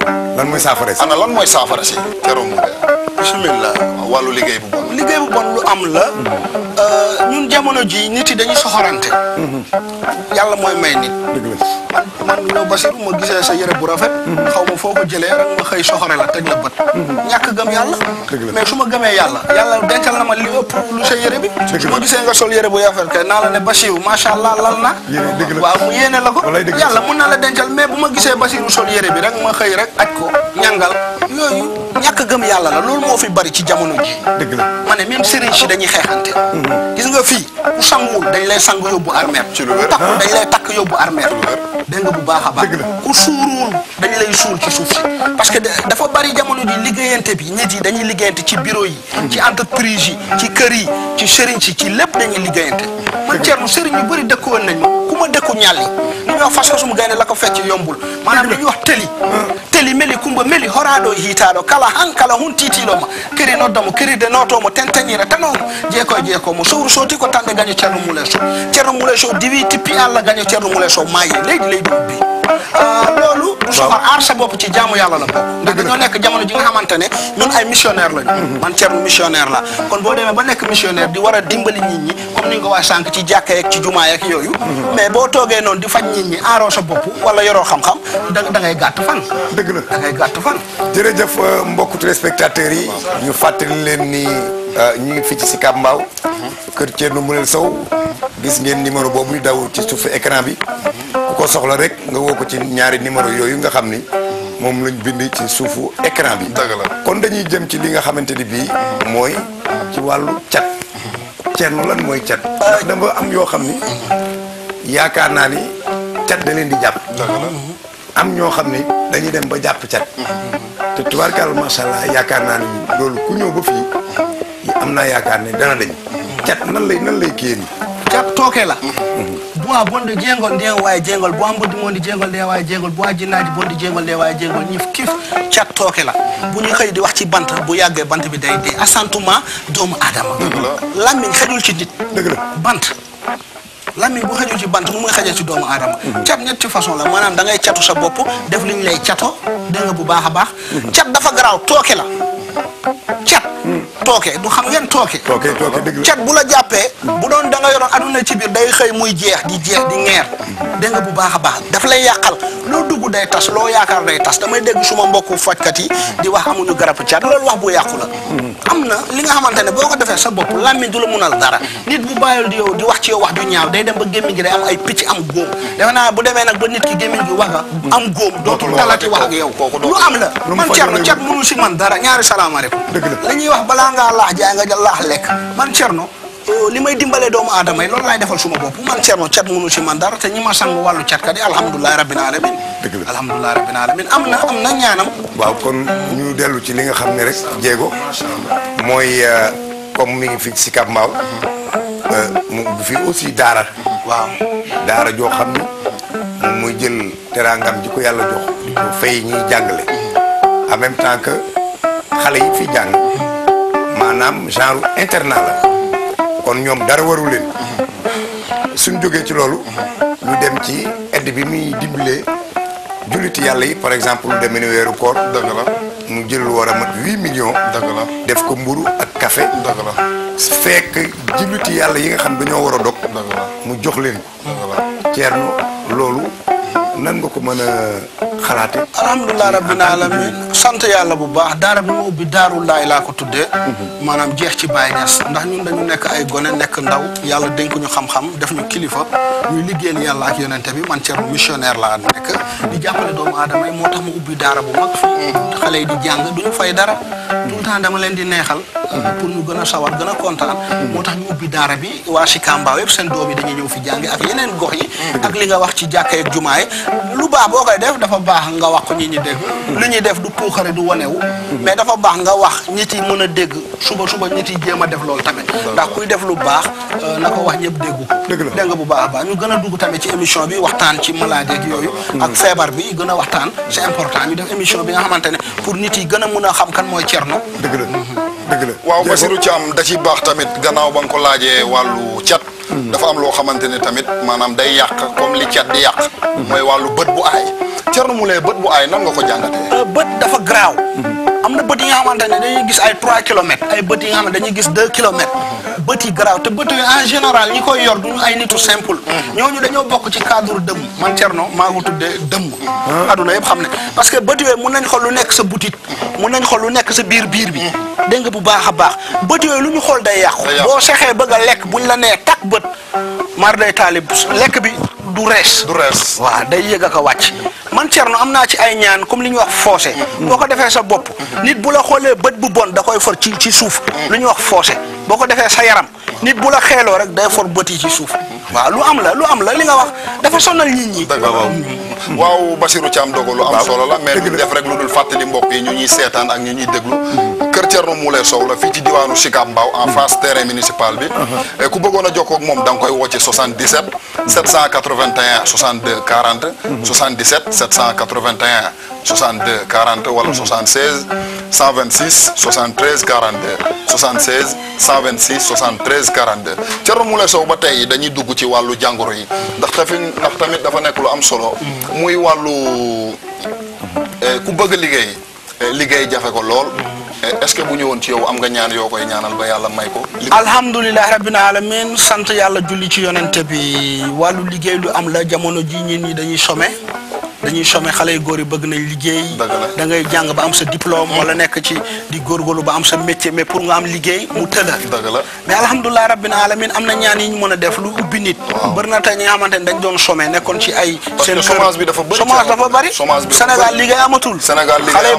lan mooy saafara si. ana lan mooy saafara si. keroog mu dee. bisimilah. wàllu liggéey bu bon. liggéey bu bon lu am la. Mm-hmm. ñun jamono ji nit yi dañuy soxorante. Mm-hmm. yàlla mooy may nit. dëgg la man man ñoo Basiru ma gisee sa yére bu rafet. Mm-hmm. xaw ma foo ko jëlee rek ma xëy soxore la teg la bët. ñàkk gëm yàlla. mais su ma gëmee yàlla. yàlla dencal na ma li ëpp lu sa yére bi. su ma gisee nga sol yére bu rafet kay naa la ne Basiru macha allah lal na. waaw mu yéene la ko. yàlla mun na la dencal mais bu ma gisee Basiru sol yére bi rek ma xëy rek ak ko ñàngal yooyu gëm yàlla la loolu moo fi bari ci jamono ji dëgg la ma ne même sëriñ si dañuy xeexante mm-hmm. gis nga fii ku sanguwul dañ lay sang yóbbu armeer ku takkul ah. dañ lay takk yóbbu armeer dégg bu baax a baax ku suuruwul dañ lay suur ci suuf si parce que dafa bari jamono ji liggéeyante bi nit yi dañuy liggéeyante ci bureau yi ci entreprise yi ci kër yi ci sëriñ si ci lépp dañuy liggéeyante man Thierno sëriñ yu bëri dëkkuwoon nañ ma ku ma dëkku ñàlli lu ñuy wax fas ko gaynde la ko fecc yombul maanaam lu ñuy wax teli teli meli kumba meli horaɗo hiitaɗo kala han kala hun titilomo keri noddamo keride notomo tentenire tanomo jeeko e jeekomo sowru soti ko tande gaño ceerno moulin sow ceerno moulin sow diwi tippi allah gaño ceerno moulin sow maayi leydi leydi ubbi euh, loolu du soxor aar sa bopp ci jaamu yàlla la bokk ndax dañoo nekk jamono ji nga xamante ne ñun ay la lañu mm-hmm. man ceerno missionnaire la kon boo demee ba nekk missionnaire di war a dimbali nit ñi comme ni nga ko wax sànq ci jàkkee ak ci jumaa ak yooyu mais boo toogee noonu di faj nit ñi aaroo sa bopp wala yoroo xam-xam da da ngay gàtt fan dëgg na da ngay gàtt fan jërëjëf euh, mbokku téléspectateurs yi ñu fàttali leen ni euh, ñu ngi fii ci Sicap Mbao kër Thierno Moulel Sow gis ngeen numéro boobu ñu daw ci suufu écran bi ku ko soxla rek nga woo ko ci ñaari numéro yooyu nga xam ni moom lañ bind ci suufu écran bi kon dañuy jëm ci li nga xamante ni bii mooy ci wàllu cat cenn lan mooy cat ndax am yoo xam ni yaakaar naa ni cat da leen di jàpp am ñoo xam ni dañuy dem ba jàpp cat te tubaarkaal macha yaakaar naa ni loolu ku ñëw ba fii am naa yaakaar ne dana dañ cat nan lay nan lay kiyéen yi jaɓtoke la bu bowa bonde jeygol nden wawi jeygol bowa boddi mondi jeygol nde wawi jeygol bowa jinnaji bonde jeygol nde wawi jeygol ñif kif tooke la buñu xëy di wax ci bant bu yàggee bant bi day dee assentement doomu adama lammiñ xëjul ci nit bant lammiñ bu xëjul ci bant nu muy xëjee ci doomu aadama cat ñetti façon la maanaam da ngay catu sa bopp def li lay cato dégg nga bu baax a baax cat dafa garaaw tooke la tooke du xam ngeen deug cet bu la jappé bu doon da nga yoron aduna ci bir day xey muy jeex di jeex di ngeer de nga bu baaxa baax daf lay yakal lo dugg day tas lo yaakaar day tas damay dégg suma mbokku fajkat yi di wax amuñu garap cet lool wax bu yakku la amna li nga xamantene boko defé sa bop lamine du la munal dara nit bu bayal di yow di wax ci yow wax du ñaaw day dem ba gemmi gi day am ay picc am goom dama na bu démé nak ba nit ki gemmi gi wax am goom dootul talati wax ak yow do lu am la man ceerno cet mënu ci man dara ñaari deug la lañuy wax bala nga ngaa jaay nga laax lek man cerno li eh, may dimbalee ya doomu aadama yi loolu defal suma bop man cerno cat munu ci man dara te ñima sang walu cat ka di alhamdullah rabbil alamin alhamdullah rabbil alamin amna amna ñaanam waaw kon ñu delu ci li nga xamné rek jéego moy euh, comme mi ngi fi si Cap euh mu fi aussi dara waaw dara jo xamné ne jël terangam jiko yalla jox fay ñi jangalé en même temps que xalé yi fi jang maanaam genre internat la kon ñoom dara waru leen suñ jógee ci loolu ñu dem ci aide bi muy dimbalee julliti yàlla yi par exemple lu demee ni weeru koor dëgg la mu jël lu war a mat huit millions dëgg def ko mburu ak café dëgg la fekk julliti yàlla yi nga xam dañoo war a dog mu jox leen ko ceerno loolu nan nga ko mën a xalaate alhamdulilah rabbil alamin sant yàlla bu baax daara bi mu ubbi daaru laay laa ko tuddee mhm. maanaam jeex ci Baye Niass ndax ñun dañu nekk ay gone nekk ndaw yàlla dénk ñu xam-xam def ñu kilifa ñuy liggéeyal yàlla ak yonente bi man ceeru missionnaire laa nekk di jàppale doomu aadama moo tax mu ubbi daara bu mag mhm. xale yi di jàng duñu fay dara mhm. tout le leen di neexal pour ñu gën a sawar gën a kontaan moo tax ñu ubbi daara bi waa Sikambaaw yëpp seen doom yi dañuy ñëw fi jànge ak yeneen gox yi ak li nga wax ci jàkka ak jumaa lu baax boo koy def dafa bax nga wax ko ñi ñi dégg lu ñi def du puuxare du wanewu mais dafa bax nga wax ñi ci mëna dégg suba suba ñi ci jéem def lool tamit ndax kuy def lu bax euh, nako wax ñëpp dégg ko dégg bu baax ba ñu gëna dugg tamit ci émission bi waxtaan ci malade ak yoyu hmm. ak fièvre bi gëna waxtaan c'est important ñu def émission bi nga xamantene pour nit yi gëna mëna xam kan moy cierno dëgg la hmm. dëgg la waaw basiru am da ci bax tamit gannaaw ba nga ko laajee wàllu hmm. dafa am lo xamantene tamit manam day yak comme li chat di yak moy walu beut bu ay mu Moule bët bu ay nan nga ko jàngatee. Euh, bët dafa garaaw. Mhm. am na bët yi nga xamante ne dañuy gis ay 3 kilomètres. ay bët yi dañuy gis 2 kilomètres. beuti graw te bëti en général ñi koy yor du ay nitu simple mm-hmm. ñu dañoo bok ci cadre deum man Thierno ma ko tudde deum ah. aduna yeb xamne parce que beuti we mun nañ xol lu nekk sa boutique mm-hmm. mun nañ xol lu nekk sa bir bir bi mm-hmm. deeng nga bu baax baax beuti we lu ñu xol day yaq bo xexé bëgg a lekk buñ la né tak beut mar day talib lekk bi du res du res wa day yëg ak a man Thierno amna ci ay ñaan comme li ñu wax fossé boko défé sa bop nit bu la xolé beut bu bon da koy for ci ci souf lu ñu wax fossé boko défé sa yaram nit bu la xeeloo rek day for bët yi ci suuf waaw lu am la lu am la li nga wax dafa sonal nit ñi waaw Basirou Thiam dogo lu am solo la mais def rek lu dul fàttali mbokk yi ñu ñuy seetaan ak ñu ñuy déglu kër Thierno Moulay Sow la fii ci diwaanu Sicap Mbao en face terrain municipal bi ku bëggoon a jokkoo ak moom da nga koy woo ci 77 781 62 40 77 781 62 40 wala 76 126 73 42 76 126 73 42 Thierno Moulay Sow ba tey dañuy dugg ci wàllu jàngoro yi ndax tamit ndax tamit dafa nekk lu am solo muy wàllu eh, ku bëgg liggéey eh, liggéey jafe ko est-ce que bu ñëwoon ci yow am nga ñaan yoo koy ñaanal ba yàlla may ko. alhamdulilah rabbil alamin sant yàlla julli ci yonente bi wàllu liggéey lu am la jamono ji ñun ñi dañuy some dañuy chômer xale yu góor yi bëgg nañ liggéey da ngay jàng ba am sa diplôme wala nekk ci di góorgóorlu ba am sa métier mais pour nga am liggéey mu tëla mais alhamdulilah rabbil alamin am na ñaan yi ñu mën a def lu ubbi nit bëri na tey ñi nga xamante ne dañ doon chômer nekkoon ci ay seen chômage bi dafa bëri chômage dafa bëri Sénégal liggéey amatul xale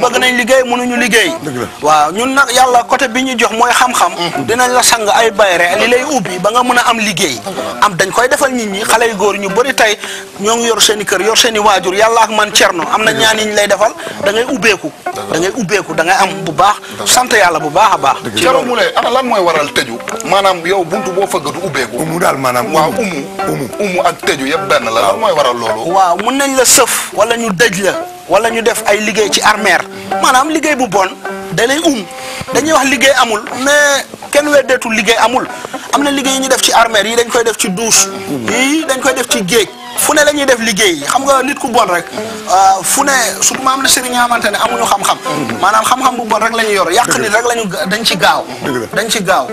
yi waaw ñun nag yàlla côté bi ñu jox mooy xam-xam mm-hmm. dinañ la sang ay bayre li lay ubbi ba nga mën a am liggéey am dañ koy defal nit ñi xale yu góor ñu bëri tey ñoo ngi yor seen i kër yor seen i waajur la ak man cerno am na ñaan yi ñu lay defal da ubbeeku da ngay da ngay am bu baax sant yàlla bu baax a baax cerno mu lay ana lan mooy waral tëju maanaam yow buntu boo fëgg du ubbeeku umu daal maanaam waaw umu umu umu ak tëju yëpp benn la mooy waral loolu waaw mun nañ la sëf wala ñu dëj la wala ñu def ay liggéey ci armeer maanaam liggéey bu bon da um dañuy wax liggéey amul mais kenn weddeetul liggéey amul am na liggéey yi ñu def ci armeer yi dañ koy def ci douche yi dañ koy def ci géej fune lañuy def liggéey xam nga nit ku bon rek euh, fune ne surtout maam na serigne xamante amuñu xam-xam manam xam-xam bu bon rek lañuy yor yak nit rek lañu dañ ci gaaw dañ ci gaaw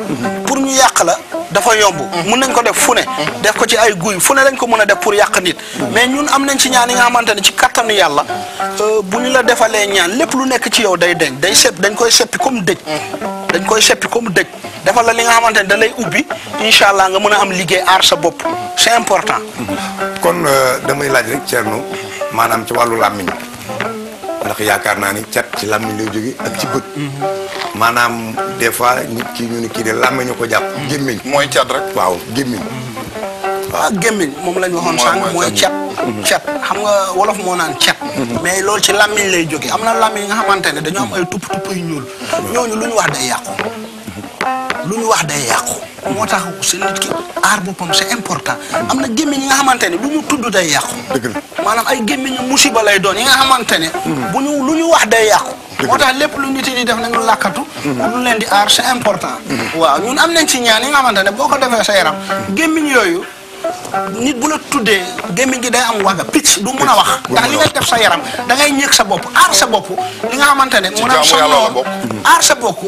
pour ñu yak la dafa yomb mën nañ ko def fune def ko ci ay guuy fune lañ ko mëna def pour yak nit mais ñun am nañ ci ñaan yi nga xamante ne ci kattanu yalla euh, bu ñu la defalee ñaan lepp lu nekk ci yow day deñ day sepp dañ koy seppi comme dëj dañ koy seppi comme dëj defal la li nga xamante da lay ubbi inshallah nga mëna am liggéey ar sa bop c'est important kon eh, damay laaj rek Thierno manam ci walu làmmiñ ndax yaakaar naa ni ciat ci làmmiñ lay jóge ak ci beut manam des fois nit ki ñu ni ki de làmmiñ ko japp mm-hmm. gémmiñ moy ciat rek waaw gémmiñ waaw mm-hmm. ah, gémmiñ mom lañ waxon sang moy ciat ciat xam nga wolof mo naan ciat mm-hmm. mais lool ci làmmiñ lay jóge amna na nga xamantene dañu am ay tup tup yu ñuul ñooñu lu ñu wax day yàqu luñu wax day yàqu motax ci nit ki ar bopam c'est important amna na nga xamantene ne tuddu day tudd deug la manam ay gémmiñu musiba lay doon yi nga xamantene mm. buñu luñu wax day yàqu motax lepp lépp lu nit yi def nañu lakatu mm. lu leen di ar c'est important mm. waaw ñun am nañ ci ñaan yi nga xamantene boko defé sa yaram gémmiñ yooyu nit bu la tuddé gémmiñ gi day am waga pitch du mëna wax tax li ngay def sa yaram da ngay ñëk sa bop ar sa bop li nga xamantene mo na a sonnoon aar sa bop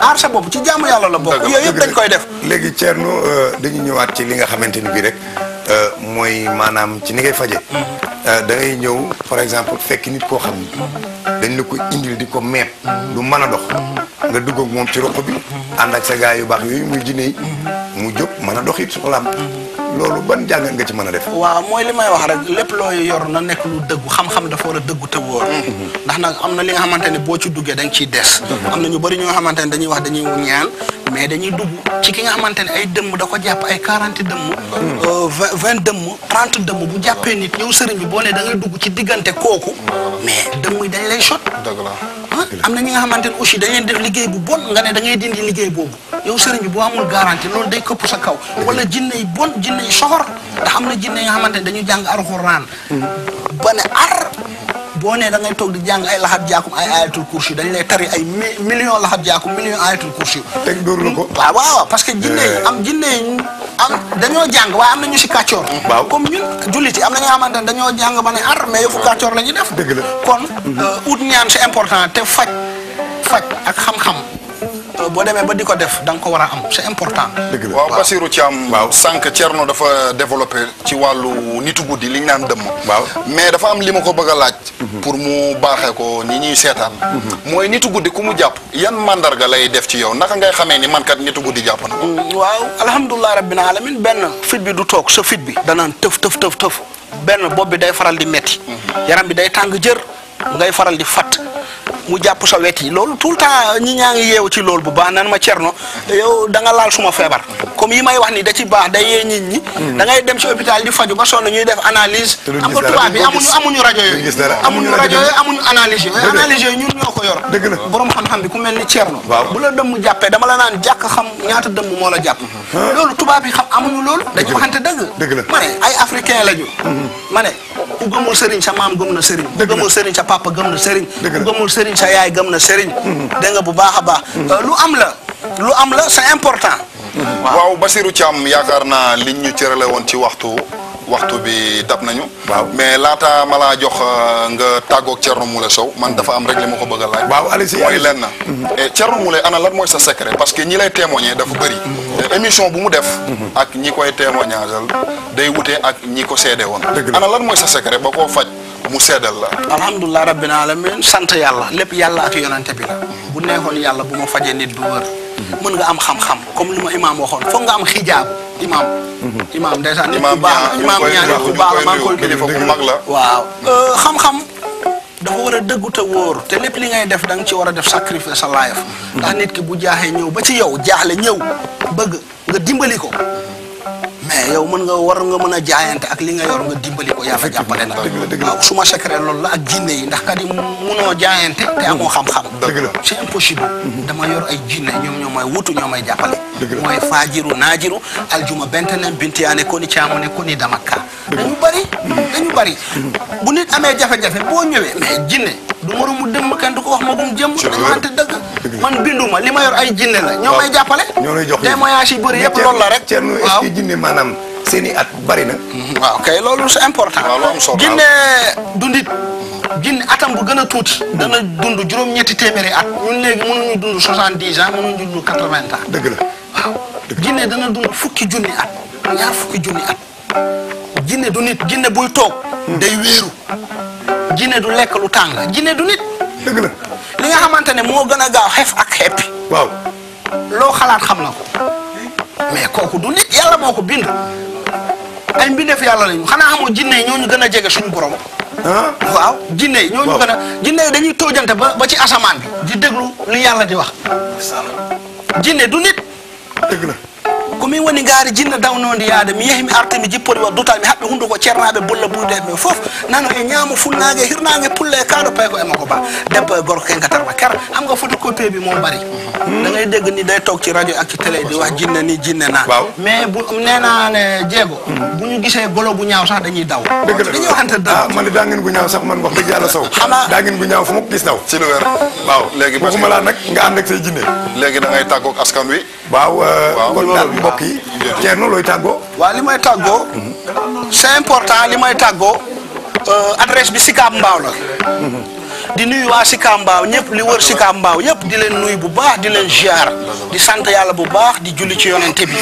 aar sa bopp ci jaamu yàlla la bokk yooyu yëpp koy def léegi Thierno euh, dañu ñëwaat ci li nga xamante ni bii rek euh, mooy maanaam ci ni ngay faje mm-hmm. euh, da ngay ñëw par exemple fekk nit koo xam ni dañ la ko indil di ko meeb lu mm-hmm. mën a dox mm-hmm. nga dugg moom ci roq bi ànd ak sa gaay yu baax yooyu muy jinne yi mu jóg mën a dox it soxlaam loolu ban jàngat nga ci mën a def. waaw mooy li may wax rek lépp looy yor na nekk lu dëggu xam-xam dafa war a dëggu te wóor. Mhm. ndax nag am na li nga xamante ne boo ci duggee dañ ciy des. Mhm. am na ñu bëri ñu nga xamante ne dañuy wax dañuy ñaan mais dañuy ne ay dëmm da ko jàpp ay quarante dëmm. Mhm. Euh, vingt vingt dëmm trente dëmm bu jàppee nit ñëw sëriñ bi boo da ngay dugg ci diggante kooku mais dëmm yi dañ lay shot. dëgg la ah, am na ñi nga xamante ne aussi dañ leen def liggéey bu bon nga ne da ngay dindi liggéey boobu yow sëriñ bi boo amul garantie loolu day këpp sa kaw wala jinne yi bon jinne dañuy soxor ndax am na jinne nga xamante ne dañuy jàng alxuraan ba ne ar boo nee da ngay toog di jàng ay laxat jaakum ay ayatul kursi dañ lay tari ay million laxat jaakum million ayatul kursi teg dóor la ko waaw waaw parce que jinne yi eh. am jinne yi am dañoo jàng am na ñu si kàccoor comme ñun jullit yi am ñoo xamante ne dañoo jàng ba ne ar mais yëfu kàccoor la ñuy def dëgg la kon euh, ut ñaan c'est important te faj faj ak xam-xam bo démé ba diko def dang ko wara am c'est important. deug la waaw Basirou Thiam. waaw sank Thierno dafa développer ci walu nitu goudi liñ nane dem waaw mais dafa am limako bëgg laaj. Mhm. pour mu baxé ko ni ñi seetaan. moy mhm. nitu goudi ku mu jàpp yan mandarga lay def ci yow naka ngay xamé ni man kat nitu goudi japp na mm, waaw alhamdullah rabbil alamin ben fit bi du tok sa fit bi. danaan tëf teuf teuf teuf benn bopp bi day faral di metti mhm. yaram bi day tang jeur ngay faral di fat mu jàpp sa wet yi loolu tout le temps ñi ñaa ngi yeewu loolu bu baax nan ma cerno yow da nga laal feebar comme yi may wax ni da ci baax day yee nit ñi hmm. da ngay dem ci hôpital di faju ba sonn ñuy def analyse am nga rajo yooyu amuñu rajo amuñu analyse yooyu analyse yooyu ñun ñoo ko yor borom xam-xam bi ku mel ni cerno bu la dëmm jàppee dama la naan jàkk xam ñaata dëmm moo la jàpp loolu tubaab yi xam amuñu loolu dañ waxante dëgg ma ne ay africain lañu hmm. ma ne ku gëmul sëriñ sa maam gëm na sëriñ ku gëmul sëriñ sa papa gëm na sëriñ ku gëmul sëriñ Serigne sa yaay gëm na Serigne. dégg nga bu baax a baax. Euh, lu am la lu am la c'est important. waaw Basirou Thiam yaakaar naa liñ ñu cërale woon ci waxtu. waxtu bi dab nañu. waaw mais laata ma laa jox euh, nga tàggoog Thierno Moule Sow man dafa am rek li ma ko bëgg a laaj. waaw allez mooy lenn. Mhm. Thierno Moule ana lan mooy sa secret parce que ñi lay témoigner dafa bëri. Mhm. émission bu mu def. Mhm. ak ñi koy témoignage day wute ak ñi ko seede woon. ana lan mooy sa secret ba koo faj. mu seddal la alhamdulilah rabbil alamin sant yàlla lépp yàlla ak yonante bi la bu neexoon yàlla bu ma fajee nit bu wër mën nga am xam-xam comme li ma imaam waxoon foog nga am xijaab imaam imaam ndeysaan nit ku baax la imaam ñaa nit ku la maa bu mag la waaw euh, xam-xam dafa war a dëggu te te lépp li ngay def da nga ci war a def sacrifice sa life bu jaaxee ñëw ba ci yow jaaxle ñëw bëgg nga dimbali ko mais yow mën nga war nga mën a jaayante ak li nga yor nga dimbali ko yàlla jàppale na waaw su ma secret loolu la ak jinne yi ndax kat yi munoo jaayante te amoo xam-xam c'est impossible mhm. dama yor ay jinne ñoom ñoo may wutu ñoo may jàppale mooy faajiru naajiru aljuma bentenen bintiyaane koni caamone koni damakka dañu bari mhm. dañu bari mhm. bu nit amee jafe-jafe boo ñëwee mais jinne du moromu dëmm kenn du ko wax ma bu mu jëm. ci dëgg man binduma li ma yor ay jinne la. ñoo may jàppale. ñoo lay jox témoignage yi bëri yëpp loolu la rek. waaw est-ce que jinne maanaam seen i at bari na. Mm-hmm. waaw kay loolu c'est important. jinne dundit jinne atam bu gën a tuuti. Mm-hmm. dana dund juróom-ñetti téeméeri at. ñun léegi mënuñu dund soixante-dix ans mënuñu dund quatre-vingts la waaw. jinne dana fukki junni at. jinne du nit jinne buy toog. Mm-hmm. day wéeru. jinne du lekk lu tàng jinne du nit. dëgg la li nga xamante ne moo gën a gaaw xef ak xeppi. waaw loo xalaat xam na ko mais kooku du nit yàlla boo ko bind. ay mbindeef yàlla lañu xanaa xamul jinne yi ñoo ñu gën a jege suñu borom. waaw jinne yi ñoo ñu gën a jinne yi dañuy tojante ba ba ci asamaan bi di déglu li yàlla di wax. jinne du nit. dëgg komin woni ngaari jinna dawnode yaade mi yeehi mi arta mi jippori wa dutal mi haɓɓe hunduko ceernaɓe bolla buyde min foof nano e ñaamo funnage e e kaɗo pay ko e ba debbo e gorko ken katarwa kera xam nga foti ko peebi mo mbari da ngay dégg ni day toog ci radio ak ci jinne ni jinne bu neenaane jeego bu ñu gisee ñaaw sax dañuy daw ah, man daa ngeen gu ñaaw sax man wax daa ngeen gu ñaaw fu ma gis daw ci lu wér waaw léegi waxuma laa nag nga ànd ak say jinne léegi da ngay askan wi Euh, waaw kon daal mbokk yi. Thierno looy tàggoo. waaw li may tàggoo. c'est important li may tàggoo. Euh, adresse bi Sicap Mbao la. Mhm. di nuyu waa Sicap Mbao ñëpp li wër Sicap Mbao ñëpp di leen nuyu bu baax di leen ziar di sant yàlla bu baax di julli ci yonente bi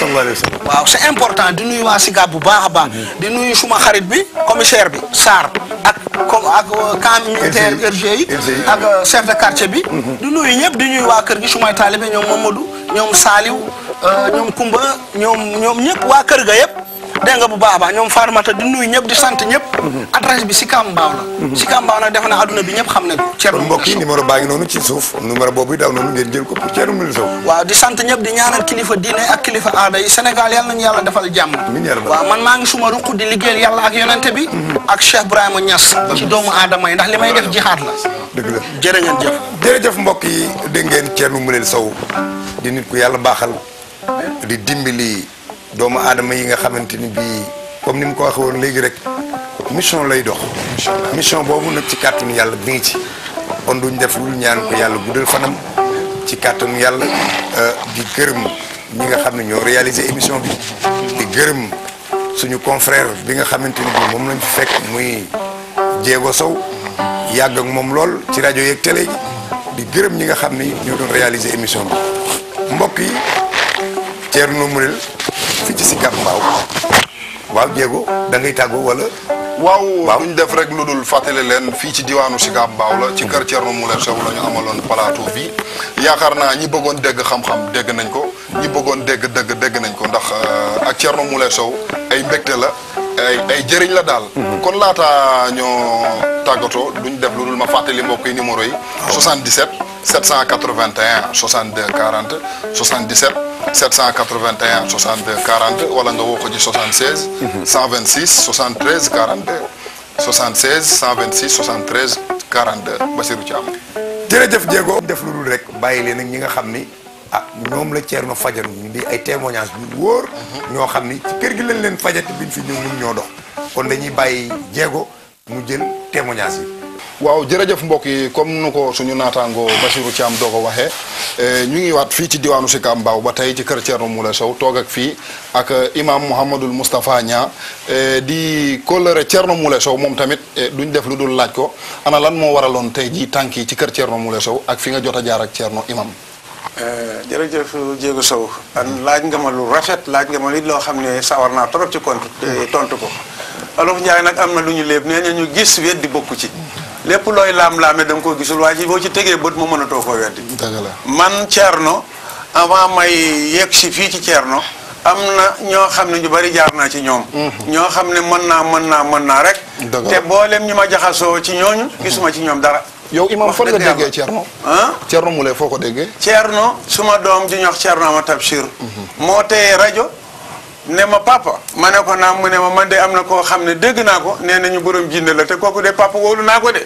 waaw c'est important di nuyu waa Sicap bu baax a baax di nuyu suma xarit bi commissaire bi saar ak comme ak euh, camp militaire RG yi ak euh, chef de quartier bi mm-hmm. di nuyu ñëpp di nuyu waa kër gi sumay taalibe ñoom Mamadou ñoom Saliou euh, ñoom Kumba ñoom ñoom ñëpp waa kër ga yëpp dégg nga bu baax a baax ñoom Fatoumata di nuyu ñëpp di sant ñëpp mm-hmm. adresse bi Sicap Mbao la mm-hmm. Sicap Mbao nag defe naa adduna bi ñëpp xam ne ko mbokk yi numéro baa ngi noonu ci suuf numéro boobu daw noonu ngeen jël ko pour Thierno Moule Sow waaw di sant ñëpp di ñaanal kilifa diine ak kilifa waaw man maa ngi suma ruq di liggéeyal yàlla ak yonente bi mm-hmm. ak Cheikh Ibrahima a ci doomu aadama yi ndax li may def jihaad la dëgg la jërë ngeen jëf jërëjëf mbokk yi dégg ngeen Thierno Moule Sow di nit ku yàlla baaxal di dimbali doomu aadama yi nga xamante ni bii comme ni mu ko waxee woon léegi rek mission lay dox. mission boobu nag ci kàttanu yàlla bi ngi ci. kon duñ def lu ñaan ko yàlla guddal fanam ci kàttanu yàlla euh, di gërëm ñi nga xam ne ñoo réalisé émission bi. di gërëm suñu confrère bi nga xamante ni bii moom lañ fi fekk muy Jéego Sow yàgg ak moom lool ci rajo yeeg télé yi di gërëm ñi nga xam ni ñoo doon réalisé émission bi mbokk yi Thierno Mourel. fii ci Sicap Mbao waaw jéego da ngay tàggoo wala. waaw duñ def rek lu dul fàttali leen fii ci diwaanu Sicap Mbao la ci kër Thierno Moule Sow la ñu amaloon plateau bi yaakaar naa ñi bëggoon dégg xam-xam dégg nañ ko ñi bëggoon dégg dégg dégg nañ ko ndax euh, ak Thierno mule Sow ay mbégte la ay jëriñ la daal. Mhm. kon laata ñoo tàggatoo duñ def lu dul ma fàttali mbokk yi numéro yi. 77 781 62 40 77. 781 62 42 wala nga woo ko ci 76. 126 73 42 76 126 73 42 Basirou Thiam. jërëjëf Diego def lu dul rek bàyyi leen ak ñi nga xam ni ah ñoom la Thierno fajar ñu di ay témoignage yu wóor. Mhm. ñoo xam ni ci kër gi lañ leen fajati biñ fi ñëw mun ñoo dox kon dañuy bàyyi Diego mu jël témoignage yi. waaw jërëjëf mbokk yi comme nu ko suñu naataango Basiru Thiam doo ko waxee eh, ñu ngi waat fii ci diwaanu Sicap Mbao ba tey ci kër Thierno Moule Sow toog ak fii ak eh, imam Mouhamadul Moustapha Niang eh, di kóllëre Thierno Moule Sow moom tamit duñ def lu dul laaj ko ana lan moo waraloon tey ji tànk yi ci kër Thierno Moule Sow ak fi nga jot a jaar ak Thierno imam jërëjëf Jéego Sow laaj nga ma lu rafet laaj nga ma li loo xam ne sawar naa trop ci kont ko alof Ndiaye nag am na lu ñu léeb nee ñu gis weddi bokku ci lépp looy laam-laame da nga koo gisul waaye ci boo ci tegee bët mu mënatoo koo weddi man Thierno avant may yegg si fii ci Thierno am na ñoo xam ne ñu bari jaar naa ci ñoom mhm. ñoo xam ne mën naa mën naa mën naa rek te boolem ñu ma jaxasoo ci ñooñu gisuma ci ñoom dara yow imam fan nga déggee Thierno ah Thierno Moule foo ko déggee Thierno su ma doom di ñox Thierno ama Tabsir mhm. moo teye rajo ne ma papa ma ne ko naa mu ne ma man de am na koo xam ne dégg naa ko nee nañu borom jinne la te kooku de papa wóolu naa ko de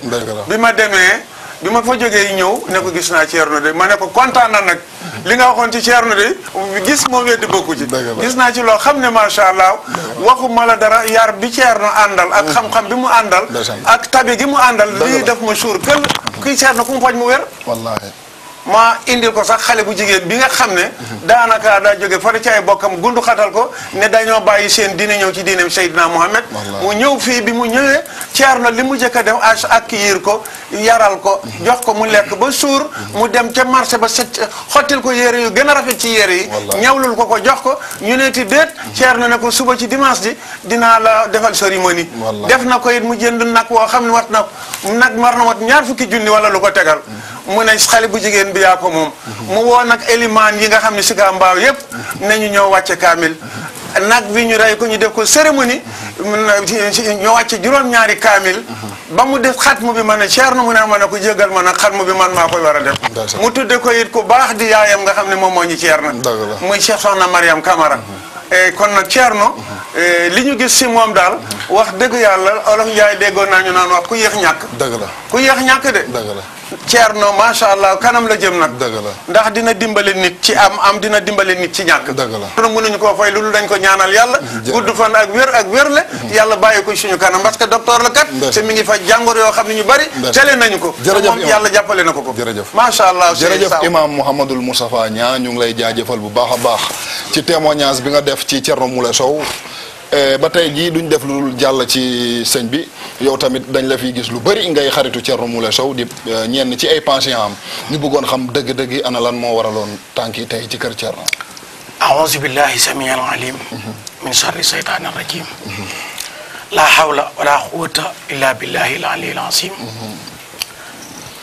bi ma demee bi ma fa jógee ñëw ne ko gis naa Thierno de ma ne ko kontaan na nag li nga waxoon ci Thierno de gis moo weddi bokku ci gis naa ci loo xam ne macha allah waxu ma la dara yar bi Thierno àndal ak mm. xam-xam bi mu àndal ak tabi gi mu àndal lii def ma suur kël kii Thierno ku mu faj mu wér wallaahi ma indil ko sax xale bu jigéen bi nga xam ne daanaka daa jóge fari ci ay bokkam gundu xatal ko ne dañoo bàyyi seen dina ñëw ci diineem Seydina Mohamed mu ñëw fii bi mu ñëwee Ceerno li mu jëkk a dem ak accueillir ko yaral ko jox ko mu lekk ba suur mu dem ca marché ba set xottil ko yére yu gën a rafet ci yére yi ñawlul ko ko jox ko ñu neeti déet Ceerno ne ko suba ci dimanche ji dinaa la defal cérémonie def na ko it mu jënd nag woo xam ne wat na nag war na wat ñaar fukki junni wala lu ko tegal mu ne xale bu jigéen bi yaa ko moom mu woo nag élimaan yi nga xam ne si gaa mbaaw yëpp nañu ñoo wàcce kaamil nag bi ñu rey ko ñu def ko cérémonie ñoo wàcce juróom-ñaari kaamil ba mu def xatmu bi man ne Ceerno mu ne ma ne ko jégal ma nag xatmu bi man maa koy war a def mu tudde ko it ku baax di yaayam nga xam ne moom moo ñu Ceerno muy Cheikh Soxna Mariam Camara eh, kon nag Ceerno eh, li ñu gis si moom daal wax dëgg yàlla olof Njaay déggoon naa ñu naan wax ku yéex ñàkk dëgg la ku yéex ñàkk de la no macha allah kanam la jëm nag. la ndax dina dimbale nit ci am am dina dimbale nit ci ñàkk. dëgg la mënuñu koo fay loolu dañ ko ñaanal yàlla. gudd fan ak wér ak wër la. yàlla bàyyi ko suñu kanam parce que docteur la kat. te mi ngi faj jàngoro yoo xam ne ñu bari. tele nañu ko. jërëjëf moom yàlla jàppale na ko ko. jërëjëf macha allah. jërëjëf imaam Mouhamadul Moustapha Niang ñu ngi lay jaajëfal bu baax a baax ci témoignage bi nga def ci Thierno Moule Sow Eh, ba tay ji duñ def lul jall ci señ bi yow tamit dañ la fi gis lu bari ngay xaritu ci romu le di eh, ñenn ci ay pension ñu bëggon xam deug ana lan mo waralon tanki tay ci kër ciar a'udhu billahi samial alim min sharri shaytanir rajim la hawla wala quwwata illa billahi al-aliyyil azim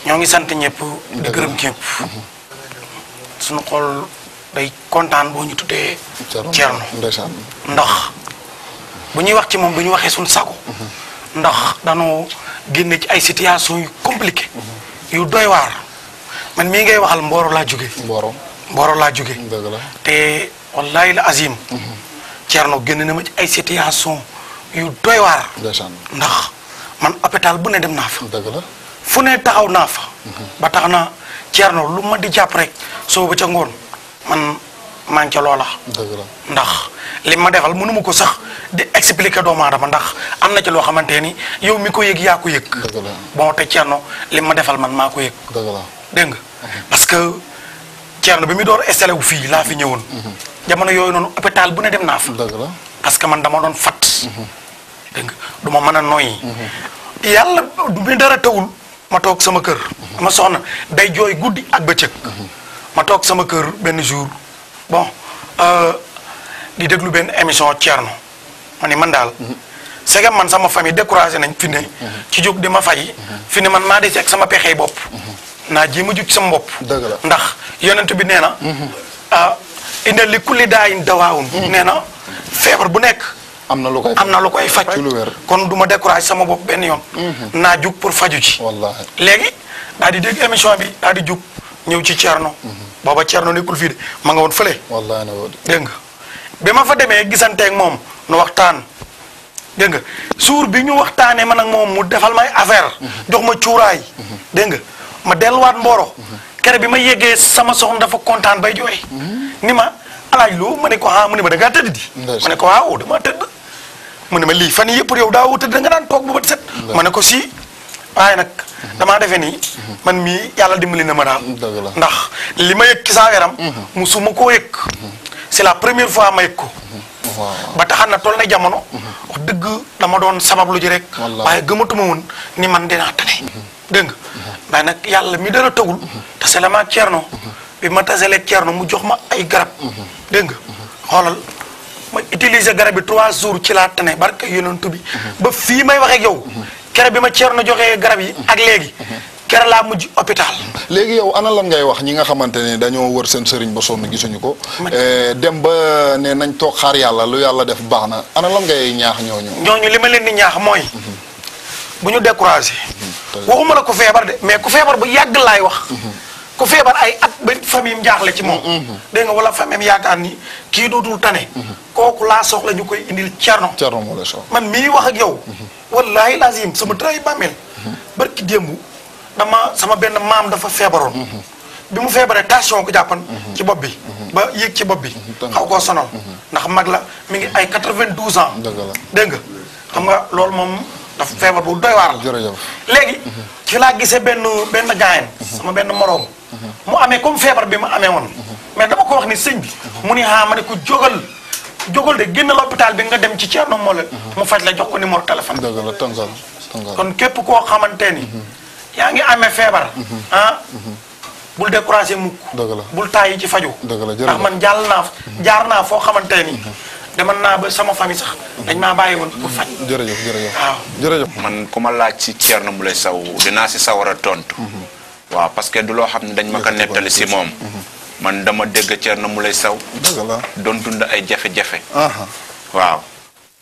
ñoo ngi sant ñepp di gërëm ñepp suñu xol day contane bo ñu tuddé ciarno bu ñuy wax ci moom du ñuy waxee suñu sago ndax dañoo génne ci ay situation yu compliqué yu doy waar man mii ngay waxal mbooro laa jóge mbooro mbooro laa jóge te wallahi la azim Thierno génn na ma ci ay situation yu doy waar ndax man hôpital bu ne dem naa fa fu ne taxaw naa fa ba tax na Thierno lu ma di jàpp rek soo ba ca ngoon man man ci lola ndax li ma defal munu mako sax di expliquer ma dama ndax amna na ci lo xamanteni yow mi ko yëg ya ko yëg bon te ceerno li ma defal man mako ko deug nga mhm. parce que ceerno bi mi door installé wu fi la fi ñewoon mhm. jamono yoy non hôpital bu ne dem naf parce que man dama don fat mhm. deug nga du ma mën a mi dara tawul ma tok sama kër ma soxna day joy guddi ak beccëk ma tok sama kër ben jour bon euh, di déglu ben émission Thierno ma ni man daal c'est man sama famille décourager nañ fini ne ci juk dima fay man ma sama pexé bop naa jéem a jóg ci sama la ndax yonent bi nee na ah, inna li kulli daayin dawaawun nee na feebar bu nek amna lu koy amna lu koy fajj kon sama mhm. na pour fajju ci di émission bi daal di ñëw ci Thierno. booba Thierno nekkul fii de ma nga woon fële. wallaahi na woon dégg nga bi ma fa demee gisanteeg moom nu waxtaan. dégg nga suur bi ñu waxtaanee ma ak moom mu defal may affaire. jox ma cuuraay. dégg nga ma delluwaat Mboro. kere bi ma yeggee sama soxna dafa kontaan bay jooy. ni ma alaaj lu ma ne ko ah mu ne ma da tëdd di. ma ne ko waaw ah, dama tëdd. mu ne ma lii fan yii yëpp yow daa wut tëdd da nga daan toog ba bët set. ma ne ko si. waaye nag damaa defe nii man mii yàlla dimbali na ma daal ndax li ma yëg ci saa yaram mhm. musuma koo yëg c'est la première fois ma yëg ko mhm. ba taxan na toll na jamono mhm. dëgg dama doon sabablu ji rek waaye gëmatuma woon ni man dinaa tane dégg nga waaye nag yàlla mi dara tawul te c'est la ma Ceerno bi ma taseleeg Ceerno mu jox ma ay garab dégg nga xoolal ma utiliser garab trois jours ci laa tane barka yonent bi ba fii may waxee yow kere bi ma Thierno joxe garab yi ak léegi kere laa mujj hôpital léegi yow ana lan ngay wax ñi nga xamante ne dañoo wër seen sëriñ ba sonn gisuñu ko eh, dem ba ne nañ toog xaar yàlla lu yàlla def baax na ana lan ngay ñaax ñooñu ñooñu li ma leen di ñaax mooy bu ñu découragé mhm. waxuma la ku feebar de mais ku feebar bu yàgg laay wax mhm. ko feebar ay at ba famille jaaxle ci moom. Mm-hmm. dégg nga wala famille yaakaar ni kii dootul tane. Mm-hmm. kooku laa soxla ñu koy indil cerno. cerno moo lay soxla man mii wax ak yow. Mm-hmm. wallaahi lazim sama tëray bàmmeel. barki démb dama sama benn maam dafa feebaroon. bi mu feebaree tension ko jàppan. ci bopp bi. ba yéeg ci bopp bi. xaw koo sonal. ndax mag la mi ngi ay quatre-vingt-douze ans. dëgg dégg nga xam nga loolu moom. dafa feebar bu doy waar la. jërëjëf léegi. ci laa gisee benn benn gaayen sama benn moroom. mu amee comme feebar bi mu amee woon. mais dama ko wax ni sëñ bi. mu ni ah ma ne ko jógal jógal de génn l'hôpital bi nga dem ci Thierno Moule. mu faj la jox ko numéro téléphone. dëgg la tàngoor tàngoor kon képp koo xamante ni. yaa ngi amee feebar. ah. bul découragé mukk. la bul tàyyi ci faju dëgg la man jàll naa jaar naa foo xamante demal naa ba sama famille sax. dañ maa bàyyi woon pour faj. jërëjëf jërëjëf waaw jërëjëf. man ku ma laaj ci Thierno Moule Sow si sawar a tontu. waaw parce que du loo xam ne dañ iya, ma ko nettali si moom mhm. man dama dégg Thierno lay saw doon dund ay jafe-jafe waaw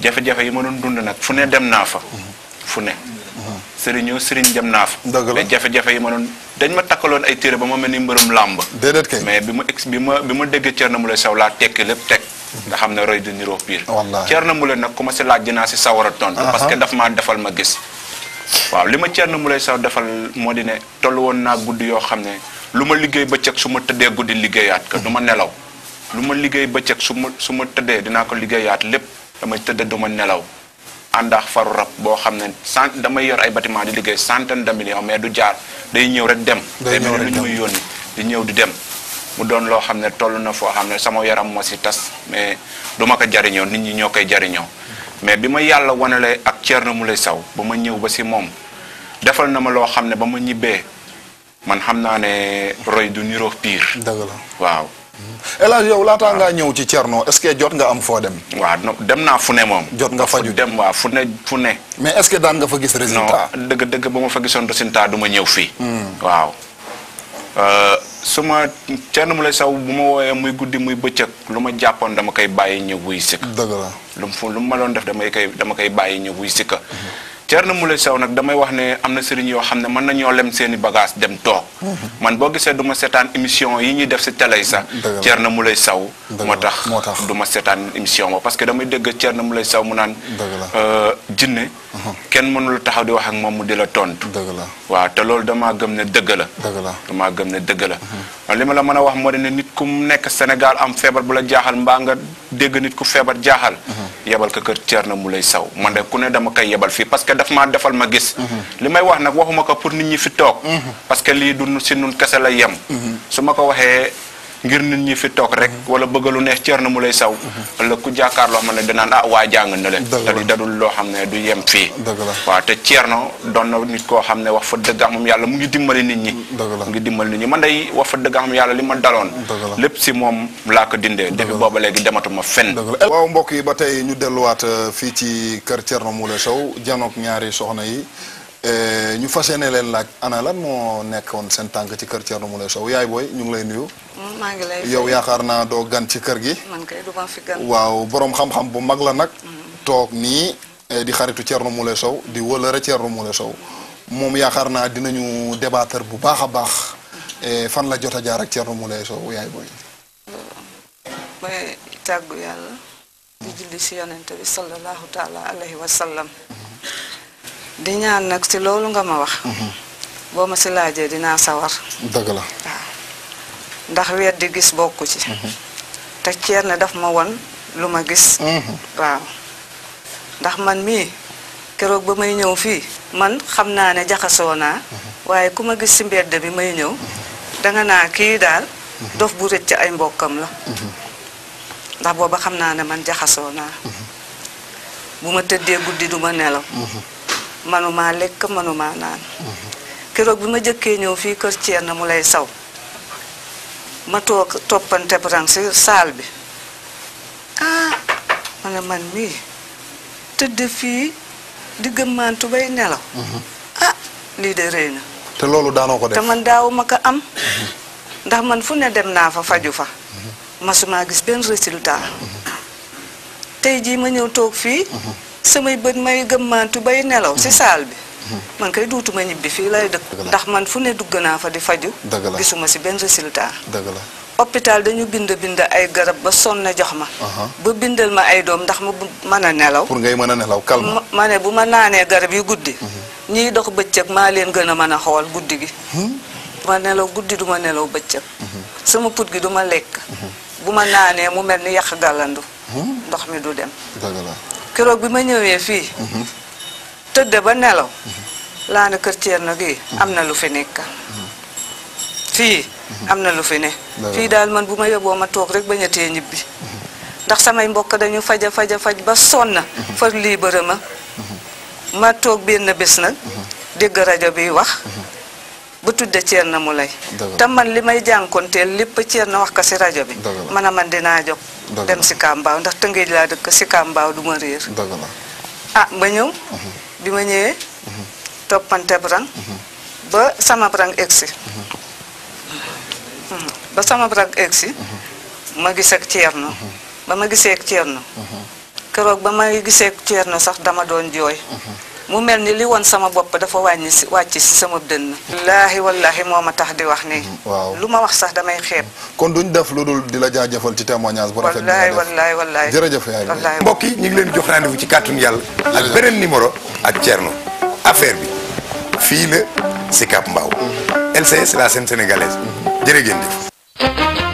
jafe-jafe yi ma doon dund nag fu ne dem naa fa mhm. fu ne mhm. sëriñoo sëriñ dem naa fa mais jafe-jafe yi ma doon dañ ma takkaloon ay téere ba ma mel ni mbërëm làmb déedéet kay mais bi ma ex bi ma bi ma dégg Thierno lay saw laa tekki lépp teg nga xam roy du niroo pire na lay laaj dinaa si sawar a tontu parce que daf maa defal ma gis waaw li ma mu lay Sow defal moo di ne toll woon naa guddi yoo xam ne lu ma liggéey bëccëg su ma tëddee guddi liggéeyaat ko du ma nelaw lu ma liggéey bëccëg su ma su ma tëddee dinaa ko liggéeyaat lépp damay tëdd du ma nelaw àndaax faru rab boo xam ne cent damay yor ay batiment di liggéey centaine de millions mais du jaar day ñëw rek dem day mel ni lu ñu muy yónni di ñëw di dem mu doon loo xam ne toll na foo xam ne sama yaram moo si tas mais du ma ko jariñoo nit ñi ñoo koy jariñoo mais bi ma yàlla wanalee ak mu Moule Sow ba ma ñëw ba si moom defal na ma loo xam ne ba ma ñibbee man xam naa ne roy du niroo pire. dëgg la waaw. Mm-hmm. El Hadj yow laataa ngaa ñëw ci Thierno est-ce que jot nga am foo dem. waaw dem naa fu ne moom. jot nga faju dem waaw fu ne fu ne. mais est-ce daan nga fa gis résultat. non dëgg dëgg ba ma fa gisoon résultat duma ma ñëw fii. Mm. waaw. Euh, su ma sama mu Moule Sow bu ma wooyee muy guddi muy bëccëg lu ma jàppoon dama koy bàyyi ñëw wuy sikk dëgg la lu mu lu ma doon def damay koy dama koy bàyyi ñëw wuy sikka mhm. na mu Moule Sow nag damay wax ne am na sëriñ yoo xam ne mën nañoo lem seeni i dem toog man boo gisee du ma seetaan émission yi ñuy def si télé yi sax Thierno Moule Sow moo tax du ma seetaan émission parce que damay dégg Thierno Moule Sow mu naan euh, jinne kenn mënul taxaw di wax ak moom mu di la tontu waaw te loolu damaa gëm ne dëgg la damaa gëm ne dëgg la li ma la mën a wax moo de ne nit ku nekk Sénégal am feebar bu la jaaxal mbaa nga dégg nit ku feebar jaaxal yebal ko kër Thierno Moule Sow man de ku ne dama koy daf maa defal ma gis mhm. li may wax nag waxuma ko pour nit ñi fi mhm. parce que lii du si nun kese la yem mhm. su ma ko waxee ngir nit ñi fi toog rek mhm. wala bëgg lu neex ceer na Thierno Moulé Sow mhm. wala ku jàkkaarloo xam ne danaan a ah, waa jàng na leen dadu dadul loo xam ne du yem fii waaw te Thierno doon na nit koo xam ne wax fa dëgg xam yàlla mu ngi dimbali nit ñi mu ngi dimbali nit ñi man day wax fa dëgg xam yàlla li ma daloon lépp si moom laa ko dindee depuis booba léegi dematuma fenn waaw mbokk yi ba tey ñu delluwaat uh, fii ci kër mu Moulé Sow janoog ñaari soxna yi Eh, ñu fas yéene leen laaj ana lan moo nekkoon seen tànk ci kër Thierno Moule Sow yaay booy ñu ngi lay nuyu. Mm, maa ngi yaakaar naa doo gan ci kër gi. man kay du waaw borom xam-xam bu mag la nag. Mm-hmm. toog nii eh, di xaritu Thierno Moule Sow di wëlëre Thierno Moule Sow moom yaakaar naa dinañu débattre bu baax a baax eh, fan la jot a jaar ak Thierno Moule Sow yaay booy. may di ñaan nak ci loolu nga ma wax. Mhm. bo ma ci laaje dina sawar. deug la ndax weer di gis bokku ci. Mhm. te na daf ma won luma gis. Mhm. waaw ndax man mi kérok ba may ñew fi man xamna naa ne jaxasoo waye kuma gis ci mbedd bi may da danga na ki dal dof bu recc ay mbokam la. ndax bo ba xamna ne man jaxasoo naa. bu ma manuma lekk manuma naan keroog bi ma jëkkee ñëw fii kër na mu lay saw ma toog toppante bran si saal bi ah ma ne man mii tëdd fii di gëmmantu bay nelaw ah lii de rëy na te loolu daanoo ko def te man daaw ko am ndax man fu ne dem naa fa faju fa masuma gis benn résultat tey jii ma ñëw toog fii samay bët may gëmmantu bay nelaw ci bi mhm. man kay duutuma ñibbi fi lay dekk ndax man fu ne dugg na fa di faju gisuma ci ben resultat deug la hôpital dañu bind bind ay garab ba sonna jox ma ba bindal ma ay dom ndax ma mëna nelaw pour ngay mëna nelaw calme mané bu ma nané garab yu guddii mhm. ñi dox beccëk ma leen gëna mëna xol guddii gi hmm? ma nelaw guddii duma nelaw beccëk mhm. sama put gi duma lek bu ma naanee mu melni yak galandu hmm? ndox mi du dem deug la keroog bi ma ñëwee fii. Mhm. tëdd ba nelaw. Mhm. laa na kër na gi mhm. am na lu fi nekk. fii am na lu fi ne. fii daal man bu ma yoboo ma toog rek bañ a tee ñibbi. ndax samay mbokk dañu faja faja faj ba sonn. far lii bëri ma. ma toog benn bés nag. dégg rajo bi wax. ba tudde Thierno Mouleye. te man li may jànkonteel lépp na wax ko rajo bi. man man dinaa jóg. dem si kambaaw ndax tëngéej ke dëkk si kambaaw du ma ah ba ñew mhm. bi ma ñëwee mhm. toppante brang mhm. ba sama brang exi ba sama brang exi ma gis ak tierno ba ma gisee ak tierno kërok ba ma gisee ak tierno sax dama doon joy mu mel ni li woon sama bopp dafa wàññi si wàcc si sama dënn. wallaahi wallaahi moo ma tax di wax nii. Mm, waaw lu ma wax sax damay xeeb. kon duñ def lu dul di la jaajëfal ci témoignage bu rafet bi nga def wallaahi wallaahi jërëjëf yaay mbokk yi ñu ngi leen jox rendez-vous ci kàttun yàlla. ak beneen numéro ak Thierno affaire bi fii la Sicap Mbao mm. LCS la scène sénégalaise mm-hmm. jërë ngeen jëf